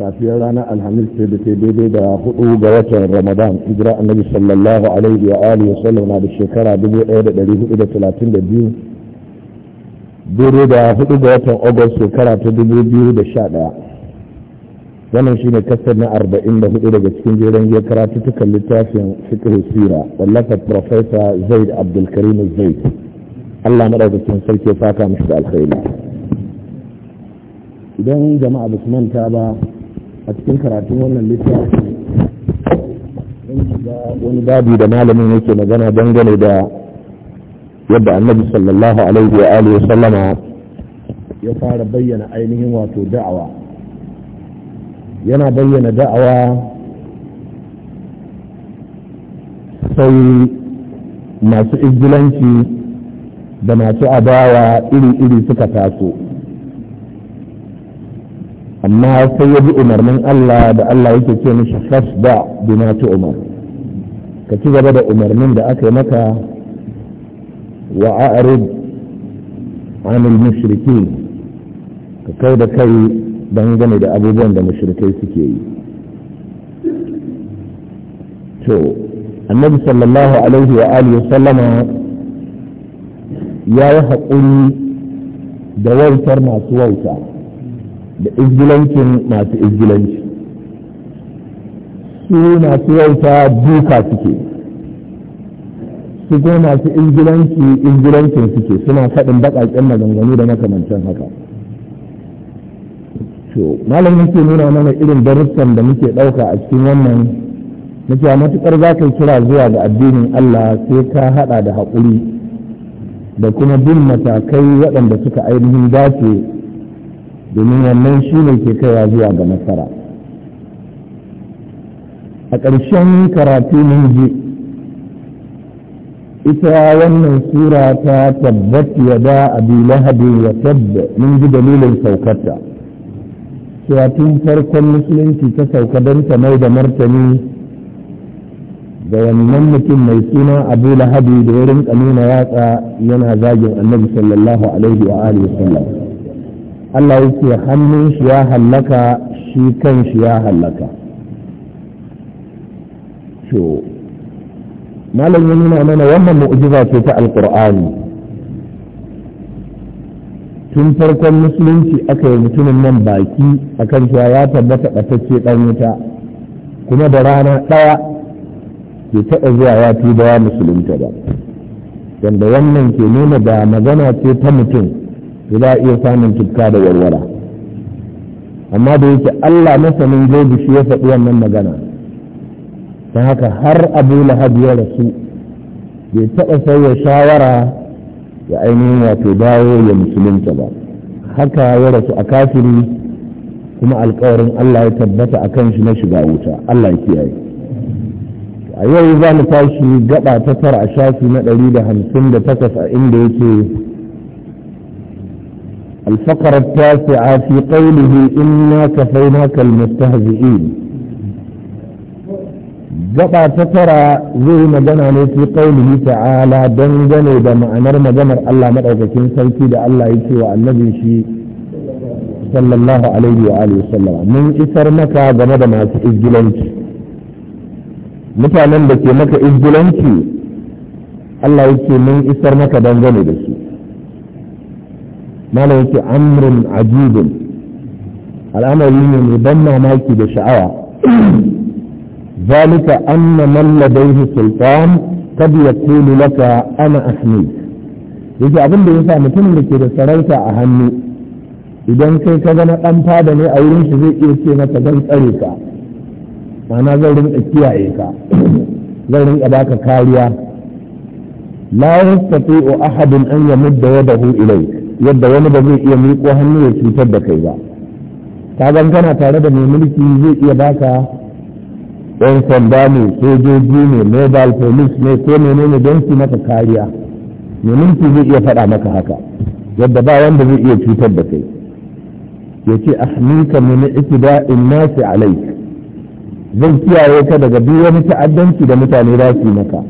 safiyar ranar alhamis ce da ke daidai da hudu ga watan ramadan hijira annabi sallallahu alaihi wa alihi wa sallam na da shekara 1432 daidai da hudu ga watan agus shekara ta 2011 wannan shine kasar na 44 daga cikin jeren ya tukan littafin fikir sira wallafa professor zaid abdulkarim zaid Allah madaukakin sarki ya saka mishi da alkhairi idan jama'a ba su manta ba a cikin karatun wannan littafi mun shiga wani babu da malamin yake magana dangane da yadda annabi sallallahu alaihi wa alihi sallama ya fara bayyana ainihin wato da'awa yana bayyana da'awa sai masu izgilanci da masu adawa iri-iri suka taso amma sai ya bi umarnin Allah da Allah yake ce mishi fasda bima tu umar ka ci gaba da umarnin da aka yi maka wa a'rid anil mushrikin ka kai da kai dangane da abubuwan da mushrikai suke yi to annabi sallallahu alaihi wa alihi sallama ya yi haƙuri da wautar masu wauta da izgilancin masu izgilanci su masu yauta duka suke su kuma masu izgilanci izgilancin suke suna faɗin baƙaƙen maganganu da makamancin haka to malam yake nuna mana irin darussan da muke ɗauka a cikin wannan nake matuƙar za ka kira zuwa ga addinin Allah sai ka haɗa da haƙuri da kuma bin matakai waɗanda suka ainihin dace domin wannan shi ne ke kaiwa zuwa ga nasara a ƙarshen karatu mun ji ita wannan sura ta tabbat ya da abu lahabi ya tabba mun ji dalilin saukarta cewa tun farkon musulunci ta sauka don ta mai da martani da wannan mutum mai suna abu lahabi da wurin rinka yatsa yana zagin annabi sallallahu alaihi wa alihi sallam Allah yake hannun shi ya hallaka shi kan shi ya hallaka So, malam ya nuna mana wannan mu'jiza ce ta alkur'ani tun farkon musulunci aka yi mutumin nan baki akan shi ya tabbata ɓatacce ɗan wuta kuma da rana ɗaya ke taɓa zuwa ya fi bawa musulunta ba Yanda wannan ke nuna da magana ce ta mutum to za a iya samun cikka da warwara amma da yake Allah masanin zai shi ya faɗi wannan magana ta haka har abu lahab ya rasu bai taɓa sauya shawara ya ainihin wato dawo ya musulunta ba haka ya rasu a kafiri kuma alkawarin Allah ya tabbata a kan shi na shiga wuta Allah ya kiyaye a yau za mu tashi gaba ta tara a shafi na ɗari da hamsin da takwas a inda yake الفقرة التاسعة في قوله إنا كفيناك المستهزئين gaba ta tara zai magana ne fi qaulihi ta'ala dangane da ma'anar maganar Allah madaukakin sarki da Allah ya ce wa annabi shi sallallahu alaihi wa sallam mun isar maka game da masu izgilanci mutanen da ke maka izgilanci Allah mun isar maka dangane da su mana yake amrin ajibin al'amari ne mai ban mamaki da sha'awa zalika anna من لديه سلطان قد يقول لك أنا أحميك yake abin da ya sa mutumin da ke da sarauta a hannu idan kai ka na ɗan fada ne a wurin shi zai iya ce maka zan tsare ka ma'ana zan rinka kiyaye ka zan rinka baka kariya la yastati'u ahadun an yamudda yadahu ilayk yadda wani ba zai iya miƙo hannu ya cutar da kai ba ka gan kana tare da mai mulki zai iya baka yan sanda ne sojoji ne mobile police ne ko menene don su maka kariya mai mulki zai iya faɗa maka haka yadda ba wanda zai iya cutar da kai ya ce ahmika min itiba'in nasi alaik zan kiyaye ka daga duk wani ta'addanci da mutane za su maka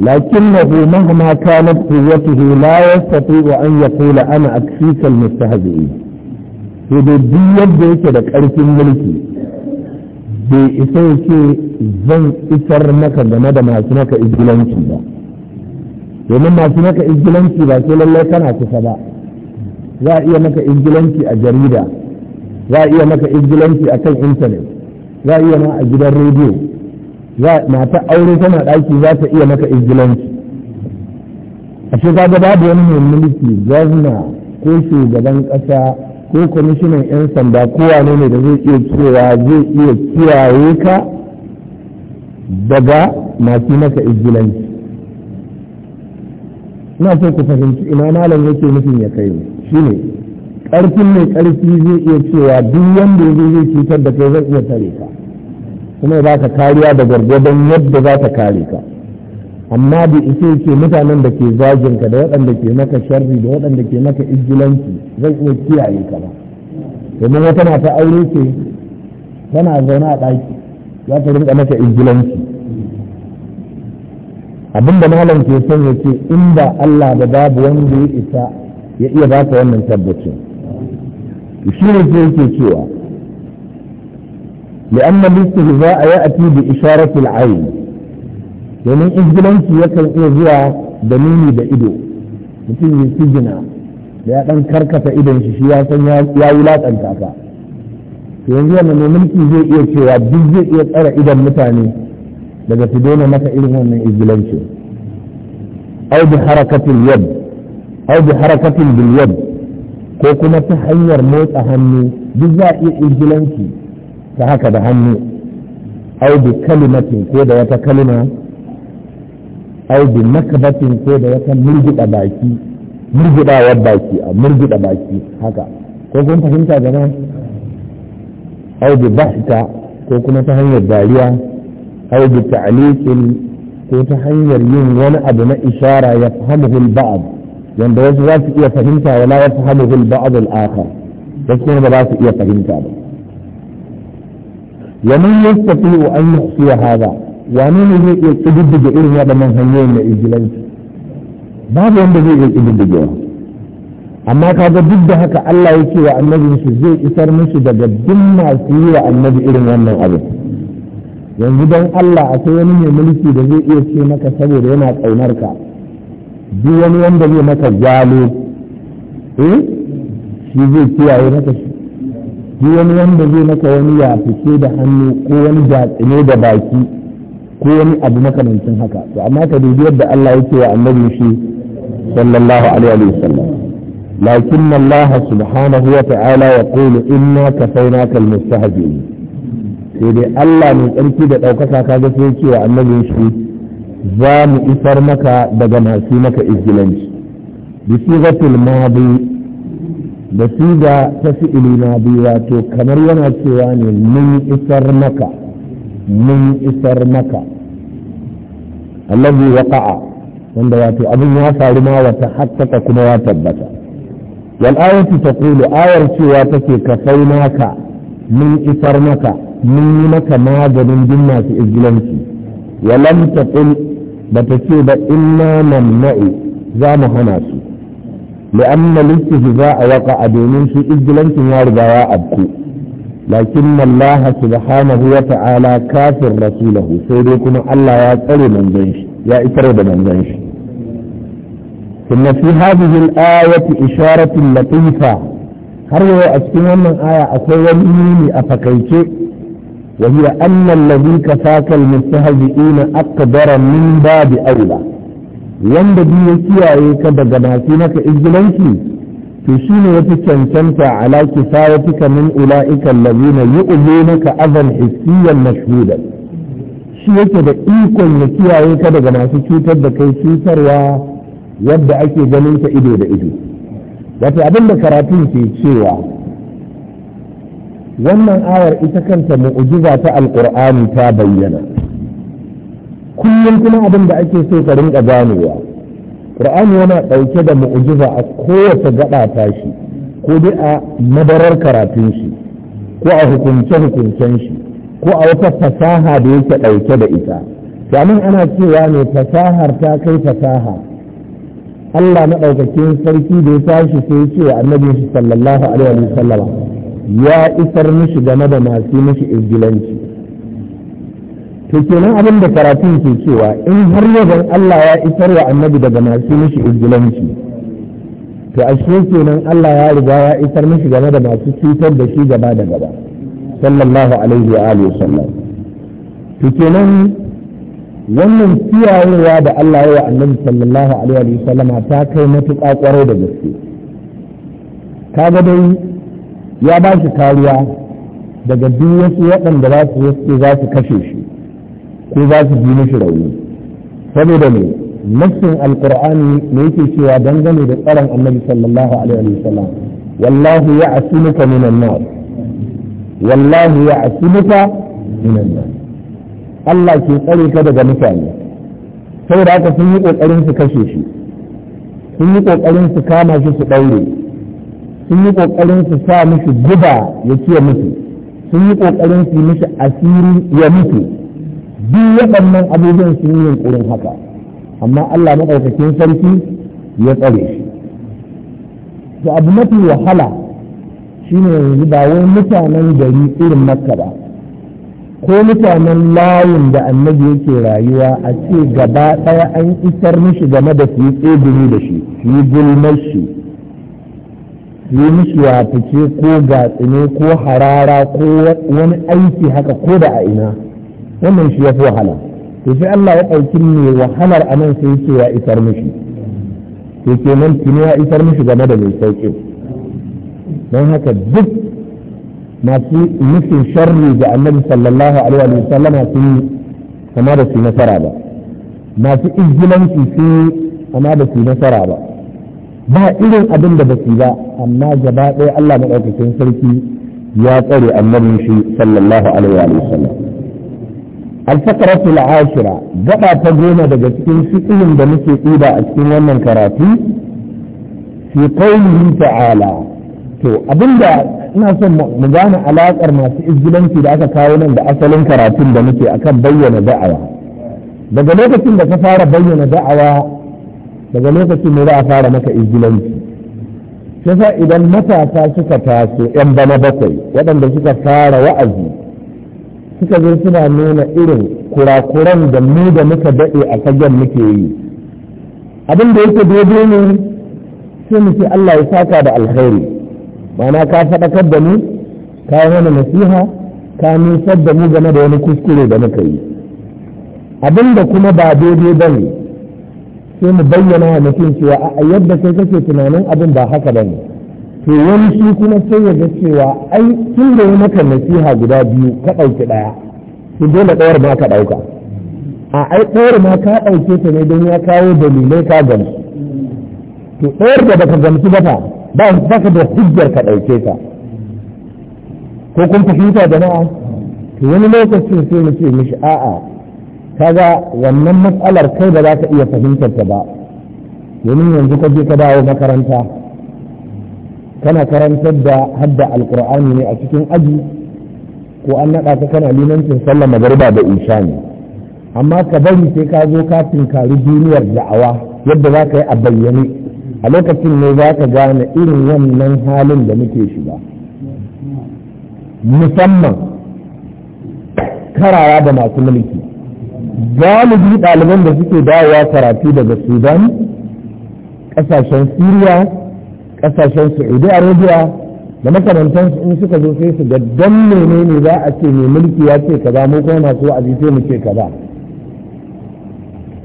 لكنه مهما كانت قوته لا يستطيع أن يقول أنا أكفيك المستهزئين يدي يديك لك أرث ملكي بإسوك زن إسر مكة بمدى ما سنك إجلانك ba. domin masu maka izgilanci ba sai lallai kana kusa ba za a iya maka izgilanci a jarida za a iya maka izgilanci a kan intanet za iya a gidan rediyo za mata aure tana ɗaki za ta iya maka izgilanci a shi kaga babu wani mai mulki gwamna ko shugaban ƙasa ko kwamishinan 'yan sanda kowa ne da zai iya cewa zai iya kiyaye ka daga masu maka izgilanci na so ku fahimci ina malam yake nufin ya kai shi ne ƙarfin mai ƙarfi zai iya cewa duk wanda ya zai cutar da kai zai iya tare ka kuma ba ka kariya da gwargwadon yadda za ta kare ka amma da ita yake mutanen da ke zagin da waɗanda ke maka sharri da waɗanda ke maka ijilanci zai iya kiyaye ka ba domin wata na ta aure ce tana zaune a ɗaki za ta rinka maka ijilanci abin da malam ke son ya ce in ba Allah da babu wanda ya isa ya iya baka wannan tabbacin shi ne yake cewa za لأن الاستهزاء يأتي بإشارة العين domin izgilanci yakan iya zuwa da da ido mutum ya sijina da ya ɗan karkata idon shi shi ya san ya wulaƙanta yanzu wanda mulki zai iya cewa duk zai iya tsare idon mutane daga su daina maka irin wannan izgilancin au bi harakatil yad au bi harakatil bil ko kuma ta hanyar motsa hannu duk za a iya izgilanci ta haka da hannu au bi kalimatin ko da wata kalima au bi makabatin ko da wata murgida baki murgidawar baki a murgida baki haka ko kun fahimta gaba au bi bahta ko kuma ta hanyar dariya au bi ta'liqin ko ta hanyar yin wani abu na ishara ya fahimu ba'ad wanda wasu za su iya fahimta wala ya fahimu ba'ad al-akhar wasu kuma ba za su iya fahimta ba wa man yastati'u an yuhsiya hada wani ne zai iya kididdige irin waɗannan hanyoyin na ijilanci babu wanda zai iya kididdigewa amma kaga duk da haka Allah ya ce wa annabin su zai isar musu daga duk masu yi annabi irin wannan abu yanzu don Allah akwai wani mai mulki da zai iya ce maka saboda yana ƙaunar ka duk wani wanda zai maka jalo eh shi zai kiyaye maka shi duk wani wanda zai maka wani ya fice da hannu ko wani jatsine da baki ko wani abu makamancin haka to amma ka dubi yadda Allah yake wa annabi shi sallallahu alaihi wa sallam lakin Allah subhanahu wa ta'ala ya qulu inna kafaynaka almustahzi'in sai dai Allah mai tsarki da daukaka kaga sai yake wa annabi shi za mu isar maka daga masu maka izgilanci bisigatul madi da siga ta fi'ili na biyu wato kamar yana cewa ne mun isar maka mun isar maka allazi waqa'a wanda wato abin ya faru ma wata haƙƙaƙa kuma ya tabbata wal ayatu taqulu ayar cewa take ka naka maka mun isar maka mun yi maganin din masu izgilanci walam taqul ce ba inna namna'u za mu hana su لأن الاستهزاء وقع دونين في إجلنك وارضاء أبكو لكن الله سبحانه وتعالى كافر رسوله سيديكم الله يتعلي من ذنش يا إترد من ذنش ثم في هذه الآية إشارة لطيفة هروا أسكنوا من آية أقوى مني أفكيك وهي أن الذي كفاك المستهزئين أقدر من باب أولى wanda biyu ya kiyaye ka daga masu maka izgilanci to shi ne wata cancanta ala kifayatika min ula'ika allazina yu'minaka azan hissiyan mashhudan shi yake da ikon ya kiyaye ka daga masu cutar da kai cutarwa yadda ake ganin ta ido da ido Wata abin da karatun ke cewa wannan ayar ita kanta mu'ujiza ta alqur'ani ta bayyana kullum kuma abin da ake so ka rinka ganewa ƙur'ani yana ɗauke da mu'jiza a kowace gaɗa ta shi ko dai a madarar karatun shi ko a hukunce hukuncen shi ko a wata fasaha da yake ɗauke da ita sannan ana cewa ne fasahar ta kai fasaha Allah maɗaukakin sarki da ya tashi sai ce wa sallallahu alaihi wa sallama ya isar mishi game da masu mishi izgilanci to kenan abin da karatun ke cewa in har yadda Allah ya isar wa annabi daga masu mishi izgilanci to ashe kenan Allah ya riga ya isar mishi game da masu cutar da shi gaba da gaba sallallahu alaihi wa alihi sallam to kenan wannan kiyayewa da Allah ya wa annabi sallallahu alaihi wa ta kai matuƙa ƙwarai da gaske kaga dai ya ba shi kariya daga duk wasu waɗanda za su za su kashe shi ko za su ji mishi rauni saboda ne nassin alqur'ani ne yake cewa dangane da tsaron annabi sallallahu alaihi wasallam wallahu ya'simuka minan nar wallahu ya'simuka minan nar Allah ke tsare ka daga mutane saboda haka sun yi kokarin su kashe shi sun yi kokarin su kama shi su daure sun yi kokarin su sa mishi guba ya ce mutu sun yi kokarin su mishi asiri ya mutu duk waɗannan abubuwan sun yi yunƙurin haka amma Allah maɗaukakin sarki ya tsare shi to abu mafi wahala shine yanzu ba wai mutanen gari irin makka ba ko mutanen layin da annabi yake rayuwa a ce gaba ɗaya an isar mishi game da su yi tsegumi da shi su yi gulmar shi su yi mishi wafice ko gatsine ko harara ko wani aiki haka ko da a ina wannan shi ya fi wahala to sai Allah ya ɗauki mai wahalar a nan sai ce ya isar mishi to ke nan tuni ya isar mishi game da mai sauƙi don haka duk masu nufin sharri ga annabi sallallahu alaihi wa sallam sun yi kama da su nasara ba masu izgilanci sun yi kama da su nasara ba ba irin abin da ba su ba amma gaba ɗaya Allah maɗaukakin sarki ya tsare annabin shi sallallahu alaihi wa sallam الفقرة العاشرة جدا تقول دقتين فقهم دمسي قيدة أسكين ومن كراتي في قوله تعالى to abinda ina son mu gane alaƙar masu izgilanci da aka kawo nan da asalin karatun da muke akan bayyana da'awa daga lokacin da ka fara bayyana da'awa daga lokacin ne za fara maka izgilanci sai idan matasa suka taso 'yan bana bakwai waɗanda suka fara wa'azi suka zo suna nuna irin kurakuran da mu da muka daɗe a fagen muke yi abin da yake daidai ne sai mu ce Allah ya saka da alkhairi mana ka faɗakar da mu ka yi wani nasiha ka nisar da mu game da wani kuskure da muka yi abin da kuma ba daidai ba ne sai mu bayyana wa mutum cewa a yadda kai kake tunanin abin ba haka ba ne to wani shi kuma sai ya ga cewa ai tun da ya maka nasiha guda biyu ka ɗauki ɗaya to dole ɗawar ma ka ɗauka a ai ɗawar ma ka ɗauke ta ne don ya kawo dalilai ka gamsu to ɗawar da baka gamsu ba ta ba ka da hujjar ka ɗauke ta ko kun fahimta jama'a to wani lokacin sai mu ce mishi a'a kaga wannan matsalar kai ba za ka iya fahimtar ta ba domin yanzu ka je ka dawo makaranta kana karantar da hadda alkur'ani ne a cikin aji ko an naɗa ka kana limancin sallah magariba da isha ne amma ka bari sai ka zo ka tinkari duniyar da'awa yadda za ka yi a bayyane a lokacin ne za ka gane irin wannan halin da muke shiga musamman karawa da masu mulki galibi ɗaliban da suke dawowa karatu daga sudan ƙasashen siriya kasashen saudi arabia da makarantar in suka zo sai su ga dan menene za a ce mai mulki ya ce kaza mu kuma masu wa'azi sai mu ce kaza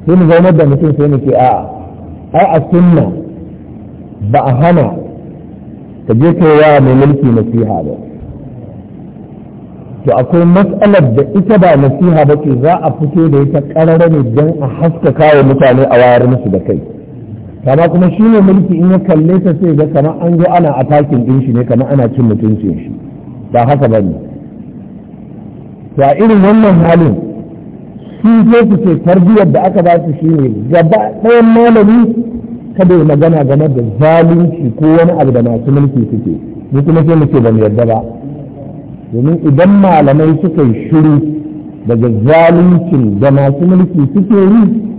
sai mu zaunar da mutum sai a'a ai a sunna ba a hana ka je kai wa mai mulki nasiha ba to akwai matsalar da ita ba nasiha ba ce za a fito da ita ƙararra ne don a haskaka wa mutane a wayar musu da kai kama kuma shi ne mulki in ya kalle ta sai ga kamar an zo ana atakin din shi ne kamar ana cin mutuncin shi ba haka ba ne ta irin wannan halin sun je su ce tarbiyyar da aka ba su shine gaba ɗayan malami kada ya magana game da zalunci ko wani abu da masu mulki suke ni kuma sai muke ba mu yarda ba domin idan malamai suka yi shiru daga zaluncin da masu mulki suke yi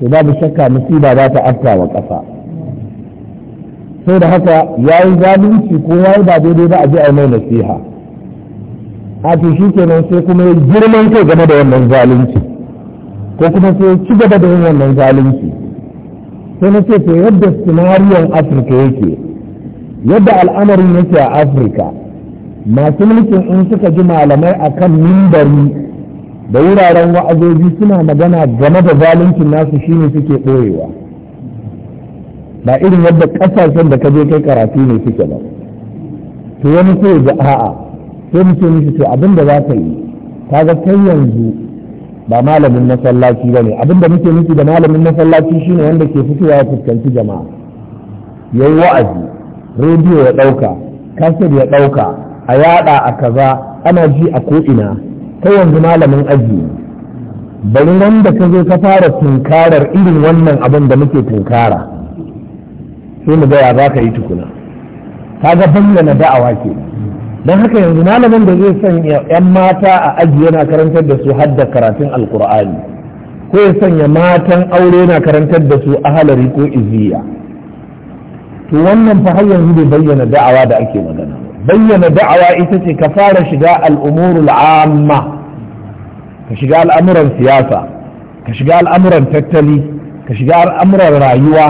to babu shakka musiba za ta afka wa ƙasa sai da haka ya yi zalunci ko ya yi ba daidai ba a ji a mai nasiha a to shi kenan sai kuma ya girman kai game da wannan zalunci ko kuma sai ya ci gaba da yin wannan zalunci sai na ce to yadda sinariyon afirka yake yadda al'amarin yake a afirka masu mulkin in suka ji malamai akan mimbari da wuraren wa'azoji suna magana game da zaluncin nasu shine suke ɓoyewa ba irin yadda ƙasashen da ka je kai karatu ne suke ba to wani sai ga a'a sai mu ce mishi to abin da za ka yi ga kai yanzu ba malamin masallaci ba ne abin da muke nufi da malamin masallaci shine wanda ke fitowa ya fuskanci jama'a ya yi wa'azi rediyo ya ɗauka kasir ya ɗauka a yaɗa a kaza ana ji a ko'ina Ta yanzu malamin aji bari wanda ka zo ka fara tunkarar irin wannan abin da muke tunkara sai mu gaya za ka yi tukuna ta ga bayyana da'awa ke don haka yanzu malamin da zai sanya 'yan mata a aji yana karantar da su hadda karatun alkur'ani ko ya sanya matan aure na karantar da su a ahalari ko iziya to wannan fa har yanzu bai bayyana da'awa da ake magana bayyana da'awa ita ce ka fara shiga al'umurul amma ka shiga al'amuran siyasa ka shiga al'amuran tattali ka shiga al'amuran rayuwa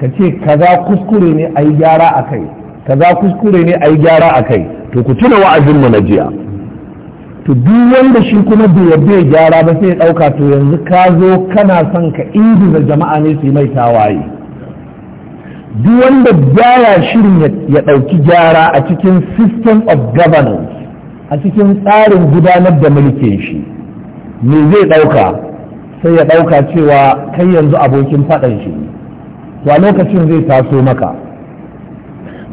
ka ce kaza kuskure ne a yi gyara a kai kaza kuskure ne a yi gyara a kai to ku tuna wa'azinmu na jiya to duk wanda shi kuma bai yarda gyara ba sai ya ɗauka to yanzu ka zo kana son ka ingiza jama'a ne su yi mai tawaye duk wanda baya shirin ya ɗauki gyara a cikin system of governance a cikin tsarin gudanar da mulkin shi me zai ɗauka sai ya ɗauka cewa kai yanzu abokin faɗan shi to a lokacin zai taso maka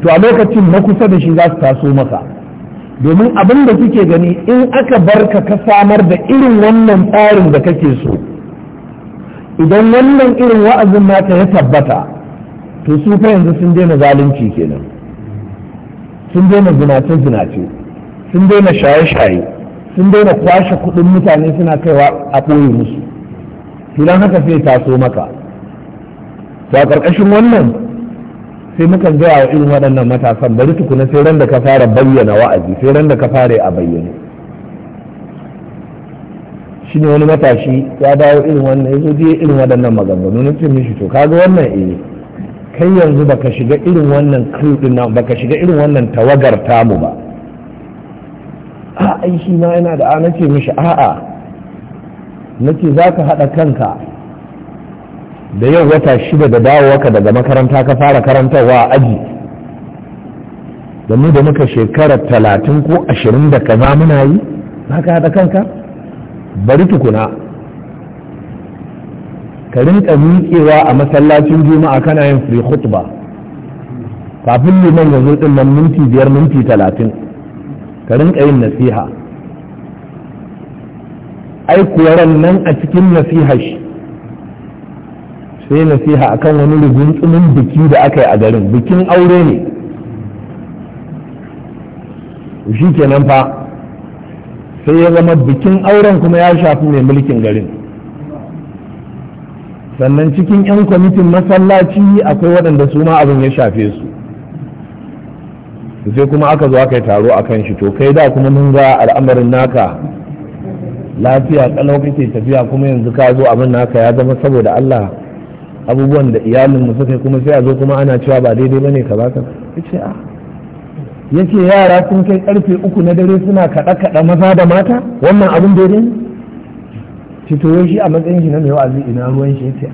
to a lokacin na kusa da shi za su taso maka domin abin da kike gani in aka bar ka ka samar da irin wannan tsarin da kake so idan wannan irin wa'azin naka ya tabbata to su fa yanzu sun daina zalunci kenan sun daina zinace zinace sun daina shaye-shaye sun daina kwashe kuɗin mutane suna kaiwa a ɓoye musu filan haka sai taso maka a ƙarƙashin wannan sai mukan gaya wa irin waɗannan matasan bari tukuna sai ran da ka fara bayyana wa'azi sai ran da ka fara a bayyane shi ne wani matashi ya dawo irin wannan ya zo irin waɗannan maganganu na ce mishi to kaga wannan eh kai yanzu baka shiga irin wannan nan baka shiga irin wannan tawagar tamu ba a ai shi yana da ana ce mishi a'a nace za ka haɗa kanka da yau wata shida da dawowaka daga makaranta ka fara karantarwa aji da mu da muka shekara talatin ko ashirin da kaza muna yi za ka haɗa kanka bari tukuna ka rinka miƙewa a masallacin juma'a kana yin free khutba kafin liman ya zo din nan minti biyar minti talatin ka rinka yin nasiha ai kuwaran nan a cikin nasiha shi sai nasiha akan wani rubuntsumin biki da aka yi a garin bikin aure ne shi kenan fa sai ya zama bikin auren kuma ya shafi mai mulkin garin sannan cikin 'yan kwamitin masallaci akwai waɗanda su ma abin ya shafe su sai kuma aka zo aka yi taro a kan shi to kai da kuma mun ga al'amarin naka lafiya ƙalau kake tafiya kuma yanzu ka zo abin naka ya zama saboda Allah abubuwan da iyalin mu suka kuma sai a zo kuma ana cewa ba daidai bane ka baka yace a ah. yace yara sun kai karfe uku na dare suna kaɗa kaɗa maza da mata wannan abin daidai ne fitowar shi a matsayin shi na mai wa'azi ina ruwan shi yace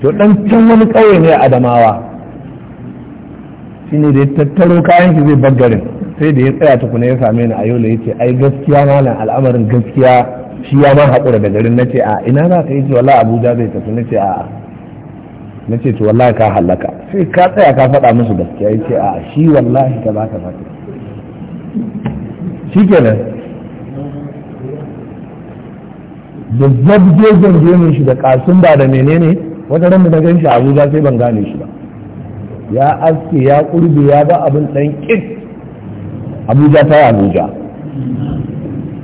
to dan can wani ƙauye ne adamawa shine da ya tattaro kayan shi zai baggarin sai da ya tsaya tukuna ya same ni a yau da yace ai gaskiya malam al'amarin gaskiya shi ya ma haƙura da garin nace a ina za ka yi ce wallahi abuja zai tafi nace a nace to wallahi ka halaka sai ka tsaya ka faɗa musu gaskiya yace a shi wallahi ka ba ka ba shi kenan da zabjejen ne shi da kasun ba da menene wata ran da gan shi abuja sai ban gane shi ba ya aske ya kurbe ya ba abin dan kit abuja ta abuja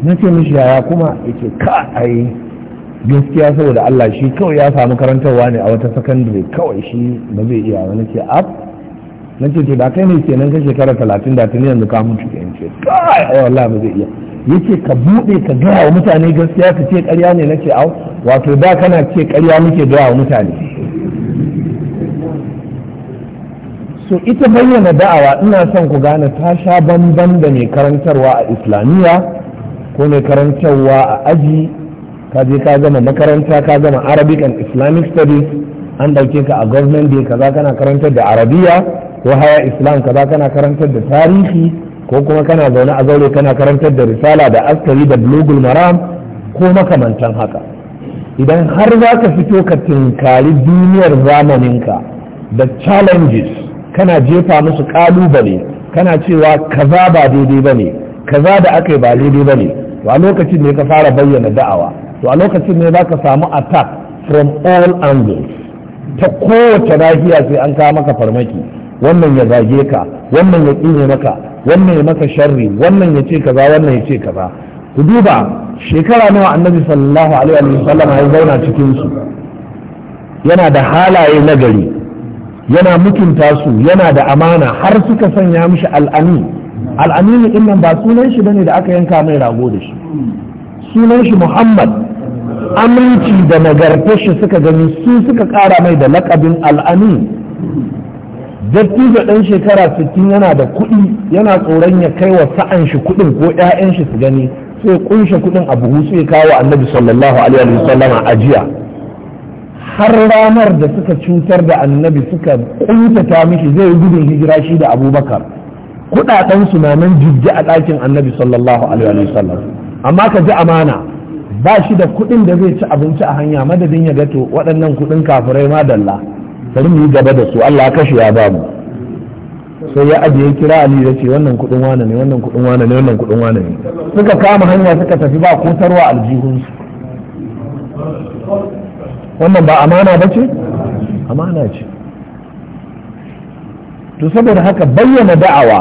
na ce mishi yaya kuma yake ka ai gaskiya saboda allah shi kawai ya samu karantarwa ne a wata sakandare kawai shi ba zai iya wani ce ab na ce to da kai ne kenan ka shekara talatin da tuni yanzu ka mutu ke ce kai a wallahi ba zai iya yace ka buɗe ka gaya wa mutane gaskiya ka ce ƙarya ne na ce au wato da kana ce ƙarya muke gaya wa mutane so ita bayyana da'awa ina son ku gane ta sha bamban da mai karantarwa a islamiyya ko mai karantarwa a aji ka je ka gama makaranta ka gama arabic and islamic studies an ɗauke ka a government day kaza kana karantar da arabiya ko haya islam ka kaza kana karantar da tarihi ko kuma kana zaune a zaure kana karantar da risala da askari da bulugul maram ko makamantan haka idan har za ka fito ka tinkari duniyar zamaninka da challenges kana jefa musu kalubale kana cewa kaza ba daidai ba ne kaza da aka yi ba daidai ba ne to a lokacin ne ka fara bayyana da'awa to a lokacin ne za ka samu attack from all angles ta kowace nahiya sai an kawo maka farmaki wannan ya zage ka wannan ya tsine maka wannan ya maka sharri wannan ya ce kaza wannan ya ce kaza ku duba shekara nawa annabi sallallahu alaihi wa sallam ya zauna cikin su yana da halaye na gari yana mutunta su yana da amana har suka sanya mishi al'ami al'amin innan nan ba sunan shi bane da aka yanka mai rago da shi sunan shi Muhammad aminci da nagartar shi suka gani su suka kara mai da lakabin al'amin dattijo ɗan shekara 60 yana da kuɗi yana tsoron ya kai wa sa'an shi kuɗin ko 'ya'yan shi su gani sai kunshe kuɗin a buhu sai kawo annabi sallallahu alaihi wasallama ajiya har ranar da suka cutar da annabi suka kuntata mishi zai yi gudun hijira shi da abubakar kuɗaɗen su na nan jibge a ɗakin annabi sallallahu alaihi wasallam amma ka ji amana ba shi da kuɗin da zai ci abinci a hanya madadin ya gato waɗannan kuɗin kafirai ma dalla bari mu yi gaba da su Allah kashe ya ba mu sai ya ajiye kira Ali da ce wannan kudin wane ne wannan kudin wane ne wannan kudin wane ne suka kama hanya suka tafi ba kotarwa aljihun wannan ba amana ba ce amana ce to saboda haka bayyana da'awa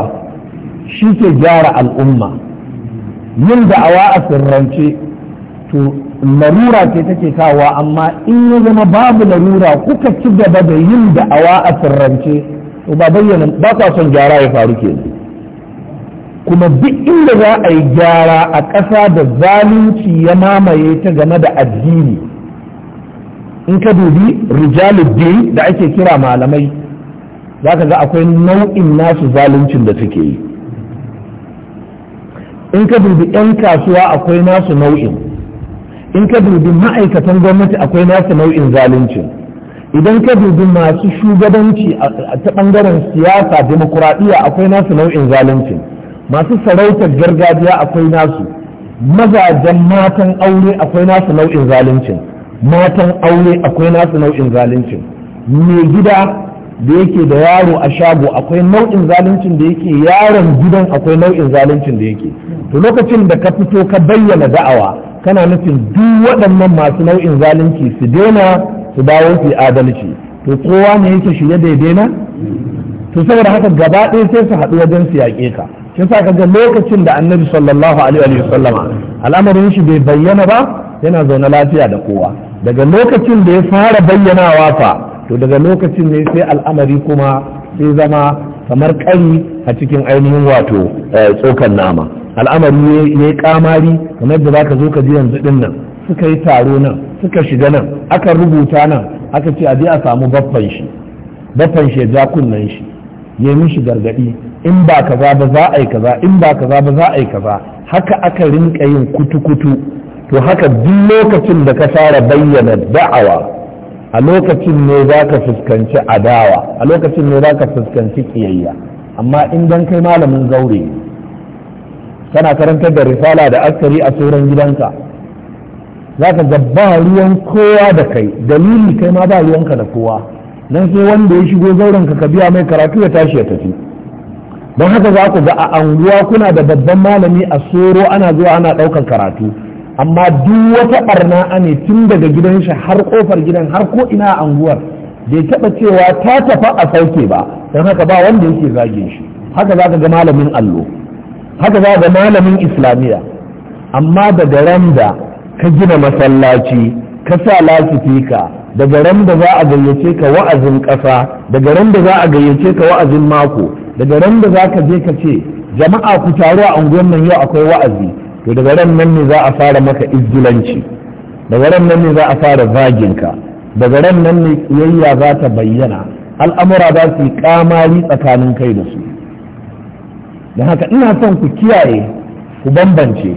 shi ke gyara al'umma yin da'awa a sirrance to larura ce take kawa amma in ya zama babu larura kuka ci gaba da yin da'awa a sirrance to ba bayyana ba ka son gyara ya faru ke kuma duk inda za a yi gyara a ƙasa da zalunci ya mamaye ta game da addini in ka dubi rijaluddin da ake kira malamai za ka ga akwai nau'in nasu zaluncin da suke yi in ka dubi 'yan kasuwa akwai nasu nau'in in ka dubi ma'aikatan gwamnati akwai nasu nau'in zalunci idan ka dubi masu shugabanci a ta bangaren siyasa demokuraɗiyya akwai nasu nau'in zalunci masu sarautar gargajiya akwai nasu mazajen matan aure akwai nasu nau'in zalunci matan aure akwai nasu nau'in zalunci mai gida da yake da yaro a shago akwai nau'in zaluncin da yake yaron gidan akwai nau'in zaluncin da yake to lokacin da ka fito ka bayyana da'awa kana nufin duk waɗannan masu nau'in zalunci su daina su dawo su adalci to kowa ne yake shirye da ya daina to saboda haka gaba ɗaya sai su haɗu wajen su yaƙe ka shi sa lokacin da annabi sallallahu alaihi wa sallama al'amarin shi bai bayyana ba yana zaune lafiya da kowa daga lokacin da ya fara bayyanawa fa to daga lokacin ne sai al'amari kuma sai zama kamar ƙari a cikin ainihin wato eh, tsokan nama al'amari ya yi kamari kamar da za ka zo ka ji yanzu din nan suka yi taro nan suka shiga nan aka rubuta nan aka ce a je a samu baffan shi baffan shi ya ja kunnan shi ya yi mishi gargadi in ba kaza ba za a yi kaza in ba kaza ba za a yi kaza haka aka rinka yin kutu-kutu to haka duk lokacin da ka fara bayyana da'awa a lokacin ne za ka fuskanci adawa a lokacin ne za ka fuskanci kiyayya amma in dan kai malamin zaure kana karantar da risala da askari a tsoron gidanka za ka ga ba ruwan kowa da kai dalili kai ma ba ruwanka da kowa nan sai wanda ya shigo zauren ka biya mai karatu ya tashi ya tafi don haka za ku ga a anguwa kuna da babban malami a tsoro ana zuwa ana ɗaukar karatu amma duk wata barna ne tun daga gidan shi har kofar gidan har ko ina a anguwar bai taɓa cewa ta tafa a sauke ba don haka ba wanda yake zage shi haka za ka ga malamin allo haka za ga malamin islamiyya amma daga ran da ka gina masallaci ka sa lasifika daga ran da za a gayyace ka wa'azin ƙasa daga ran da za a gayyace ka wa'azin mako daga ran da za ka je ka ce jama'a ku taru a unguwar nan yau akwai wa'azi to daga ran nan ne za a fara maka izgilanci daga ran nan ne za a fara zaginka daga ran nan ne kiyayya za ta bayyana al'amura za su yi kamari tsakanin kai da su da haka ina son ku kiyaye ku bambance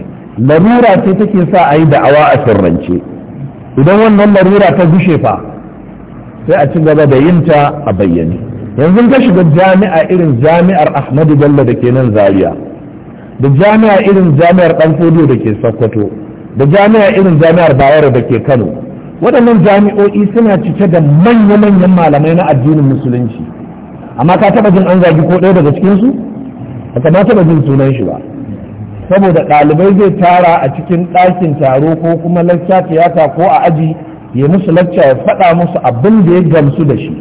larura ce take sa a yi da'awa a sirrance idan wannan larura ta gushe fa sai a ci gaba da yin ta a bayyane yanzu ka shiga jami'a irin jami'ar ahmadu bello da ke nan zaria da jami'a irin jami'ar dan da ke sokoto da jami'a irin jami'ar bayero da ke kano waɗannan jami'o'i suna cike da manya-manyan malamai na addinin musulunci amma ka taɓa jin an zagi ko ɗaya daga cikinsu Ka ma taɓa jin sunan shi ba saboda ɗalibai zai tara a cikin ɗakin taro ko kuma lakca tiyata ko a aji ya musu lakca ya faɗa musu abin da ya gamsu da shi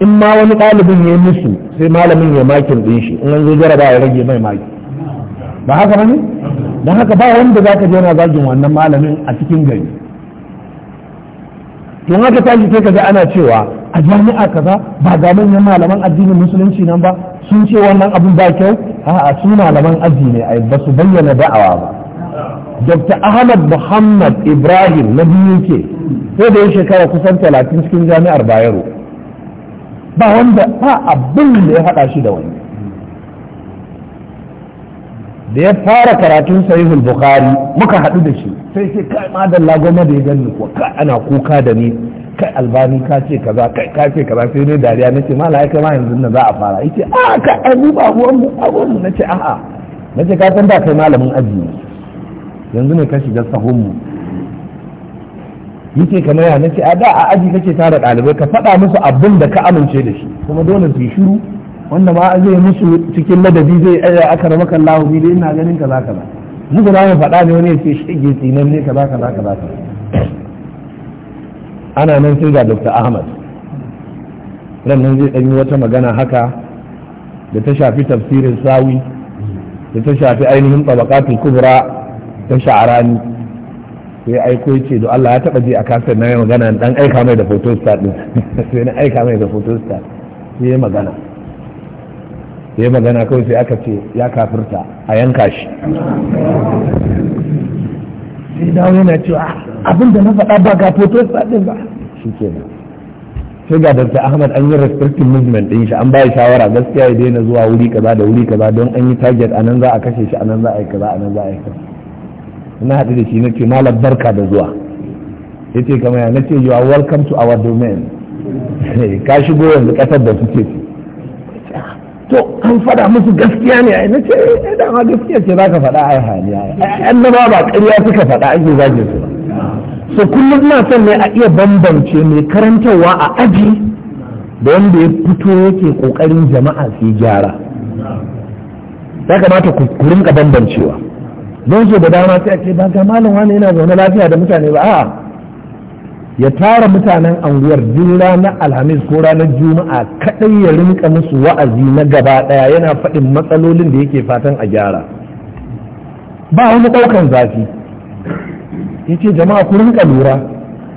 in ma wani ɗalibin ya musu sai malamin ya makin ɗin shi in an zo jaraba ya rage mai maki ba haka ba ne don haka ba wanda za ka jona zagin wannan malamin a cikin gari tun haka tashi sai ka ga ana cewa a jami'a kaza ba ga manyan malaman addinin musulunci nan ba sun ce wannan abin ba kyau a'a su malaman aji ne a ba su bayyana da'awa ba dr ahmad muhammad ibrahim na biyu ke sai da ya shekara kusan talatin cikin jami'ar bayero ba wanda ba abin da ya haɗa shi da wani da ya fara karatun sahihul bukhari muka haɗu da shi sai sai kai madalla goma da ya ganni kuwa ana kuka da ni kai albani ka ce kaza kai ka ce kaza sai dai dariya nace mala kai ma yanzu na za a fara yace a ka ai mu ba ruwan mu a ruwan mu nace nace ka san da kai malamin aji yanzu ne ka shiga sahun mu yace kamar ya nace a da a aji kake da dalibai ka faɗa musu abin da ka amince da shi kuma dole su yi shiru wanda ma zai musu cikin ladabi zai aya aka rama kan lahu bi ina ganin kaza kaza mu ba mu faɗa ne wani ya ce ke tsinan ne kaza kaza kaza ana nan sai ga dr ahmad ran nan zai ɗanyi wata magana haka da ta shafi tafsirin sawi da ta shafi ainihin tabakatul kubra ta sha'arani sai aiko ce da Allah ya taɓa ji a kasar na magana dan aika mai da photostat din sai na aika mai da photostat sai ya magana sai magana kawai sai aka ce ya kafirta a yanka shi sai dawo yana cewa ah, abin da na faɗa ba ga foto ɗin ba shi kenan sai ga Dr. Ahmad an yi restrictive movement din shi an bayi shawara gaskiya ya daina zuwa wuri kaza da wuri kaza don an yi target a nan za a kashe shi a nan za a yi kaza a nan za a yi kaza ina haɗu da shi nace malam barka da zuwa ya ce kamar ya nace you are welcome to our domain ka shigo yanzu ƙasar da suke ci to an faɗa musu gaskiya ne ai nace eh dama gaskiya ce zaka fada ai haliya annaba ba ƙarya suka faɗa ake zaje su so kullum na son ne a iya bambance mai karantarwa a aji da wanda ya fito yake kokarin jama'a su gyara ya kamata ku rinka bambancewa don so da dama sai a ce ba ga malam wani yana zaune lafiya da mutane ba a'a ya tara mutanen anguwar duk ranar alhamis ko ranar juma'a kadai ya rinka musu wa'azi na gaba daya yana faɗin matsalolin da yake fatan a gyara ba wani ɗaukan zafi yace jama'a ku rinka lura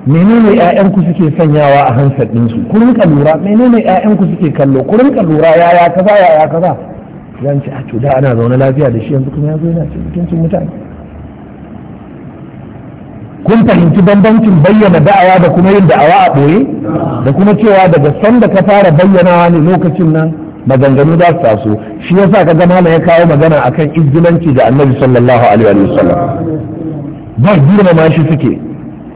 menene ƴaƴanku suke sanyawa a hansar ɗinsu ku rinka lura menene ƴaƴanku suke kallo ku rinka lura yaya kaza yaya kaza zan ci a da ana zaune lafiya da shi yanzu kuma ya zo yana cin mutane kun fahimci bambancin bayyana da'awa da kuma yin da'awa a ɓoye da kuma cewa daga sanda ka fara bayyanawa ne lokacin nan maganganu za su taso shi ya sa ka gama na ya kawo magana a kan izgilanci da annabi sallallahu alaihi wa sallam ba girmama shi suke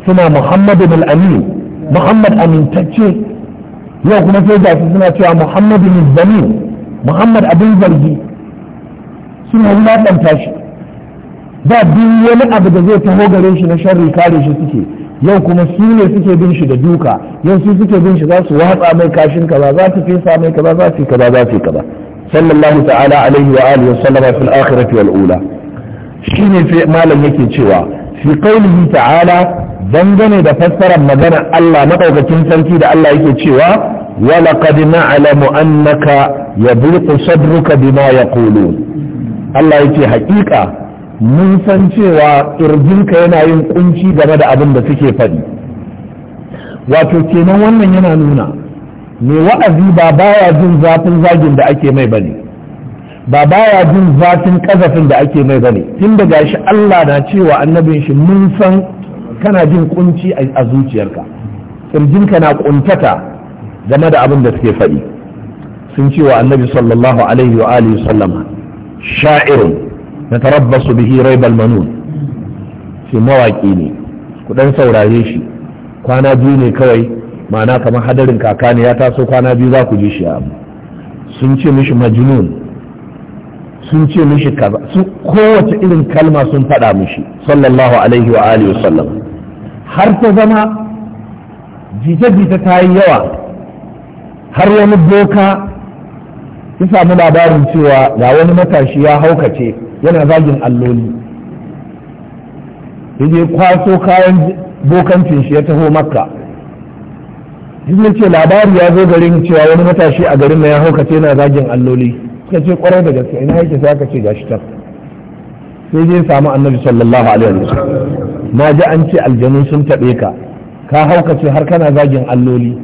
suna muhammadu bin amin muhammad amintacce yau kuma sai ga su suna cewa muhammadu bin zamin muhammad abin zargi suna wulaƙanta shi ba biyu wani abu da zai taho gare shi na sharri kare shi suke yau kuma su ne suke bin shi da duka yau su suke bin shi za su watsa mai kashin kaza za su fesa mai kaza za su yi kaza za su yi kaza sallallahu ta'ala alaihi wa alihi wa sallama fil akhirati wal ula shine malam yake cewa fi qaulihi ta'ala dangane da fassarar magana Allah madaukakin sarki da Allah yake cewa wa laqad na'lamu annaka yadhiqu sadruka bima yaqulun Allah yake haƙiƙa mun san cewa ƙirjinka yana yin kunci game da abin da suke faɗi wato kenan wannan yana nuna me wa'azi ba baya jin zafin zagin da ake mai bane ba baya jin zafin ƙazafin da ake mai bane tun da gashi Allah na cewa annabin shi mun san kana jin kunci a zuciyarka ƙirjinka na kuntata game da abin da suke faɗi sun ce wa annabi sallallahu alaihi wa alihi sallama sha'irun na tarabbasu bihi raibal manun shi mawaƙi ne ku ɗan saurare shi kwana biyu ne kawai mana kamar hadarin kaka ne ya taso kwana biyu za ku ji shi abu sun ce mishi majnun sun ce mishi kaza su kowace irin kalma sun faɗa mishi sallallahu alaihi wa wa sallam har ta zama jita-jita ta yi yawa har wani boka ta samu labarin cewa ga wani matashi ya haukace yana zagin alloli ya je kwaso kayan bokancin shi ya taho makka ya ce labari ya zo garin cewa wani matashi a garin na ya haukace yana zagin alloli suka ce kwarar da gaske ina yake sai aka ce gashi ta sai je samu annabi sallallahu alaihi wa sallam na ji an ce aljanu sun taɓe ka ka haukace har kana zagin alloli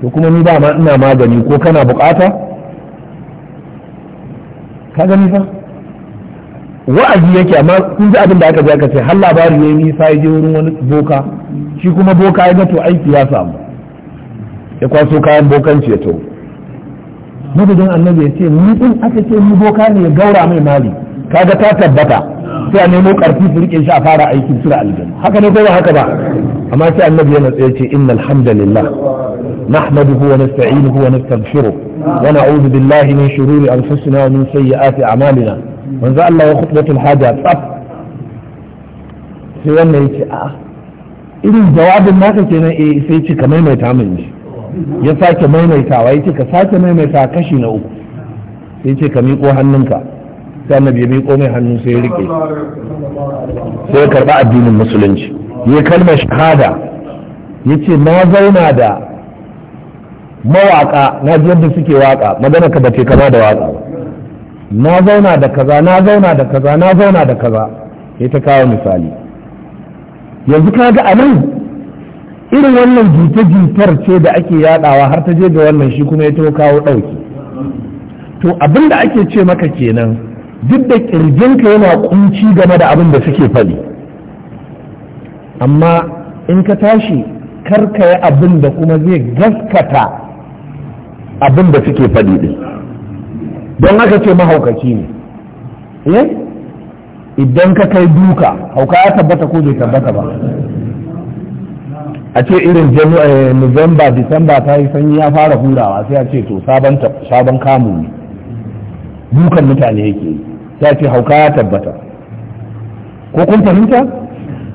to kuma ni dama ina magani ko kana bukata ka gani fa wa'azi yake amma kun ji abin da aka aka ce har labari ne nisa ya je wurin wani boka shi kuma boka ya ga to aiki ya samu ya kwaso kayan bokan ya to madadin annabi ya ce ni din aka ce ni boka ne ya gaura mai mali kaga ta tabbata sai a nemo karfi su riƙe shi a fara aikin sura aljanna haka ne ko ba haka ba amma sai annabi yana tsaye ce innal hamdalillah نحمده ونستعينه ونستغفره ونعوذ بالله من شرور انفسنا ومن سيئات اعمالنا من ذا الله وخطبة الحاجة tsaf sai wannan yake a irin jawabin naka kenan eh sai ce ka maimaita min shi ya sake maimaitawa ce ka sake maimaita kashi na uku sai ce ka miƙo hannunka sai annabi ya miƙo mai hannu sai ya rike sai ya karɓa addinin musulunci ya kalma shahada ya ce na zauna da mawaƙa na ji yadda suke waƙa magana ka bace kama da waƙa na zauna da kaza na zauna da kaza na zauna da kaza ya ta kawo misali yanzu ka ga a nan irin wannan jita-jitar ce da ake yadawa har ta je ga wannan shi kuma ya ta kawo ɗauki to abin da ake ce maka kenan duk da ka yana kunci game da abin da suke faɗi amma in ka tashi ka yi abin da kuma zai gaskata abin da suke faɗi ɗin don haka ce mahaukaci ne eh? idan ka kai duka hauka ya tabbata ko bai tabbata ba a ce irin eh, november Disamba ta yi sanyi ya fara hurawa sai a ce to sabon kamu ne dukan mutane yake yi ta ce hauka ya tabbata ko kun fahimta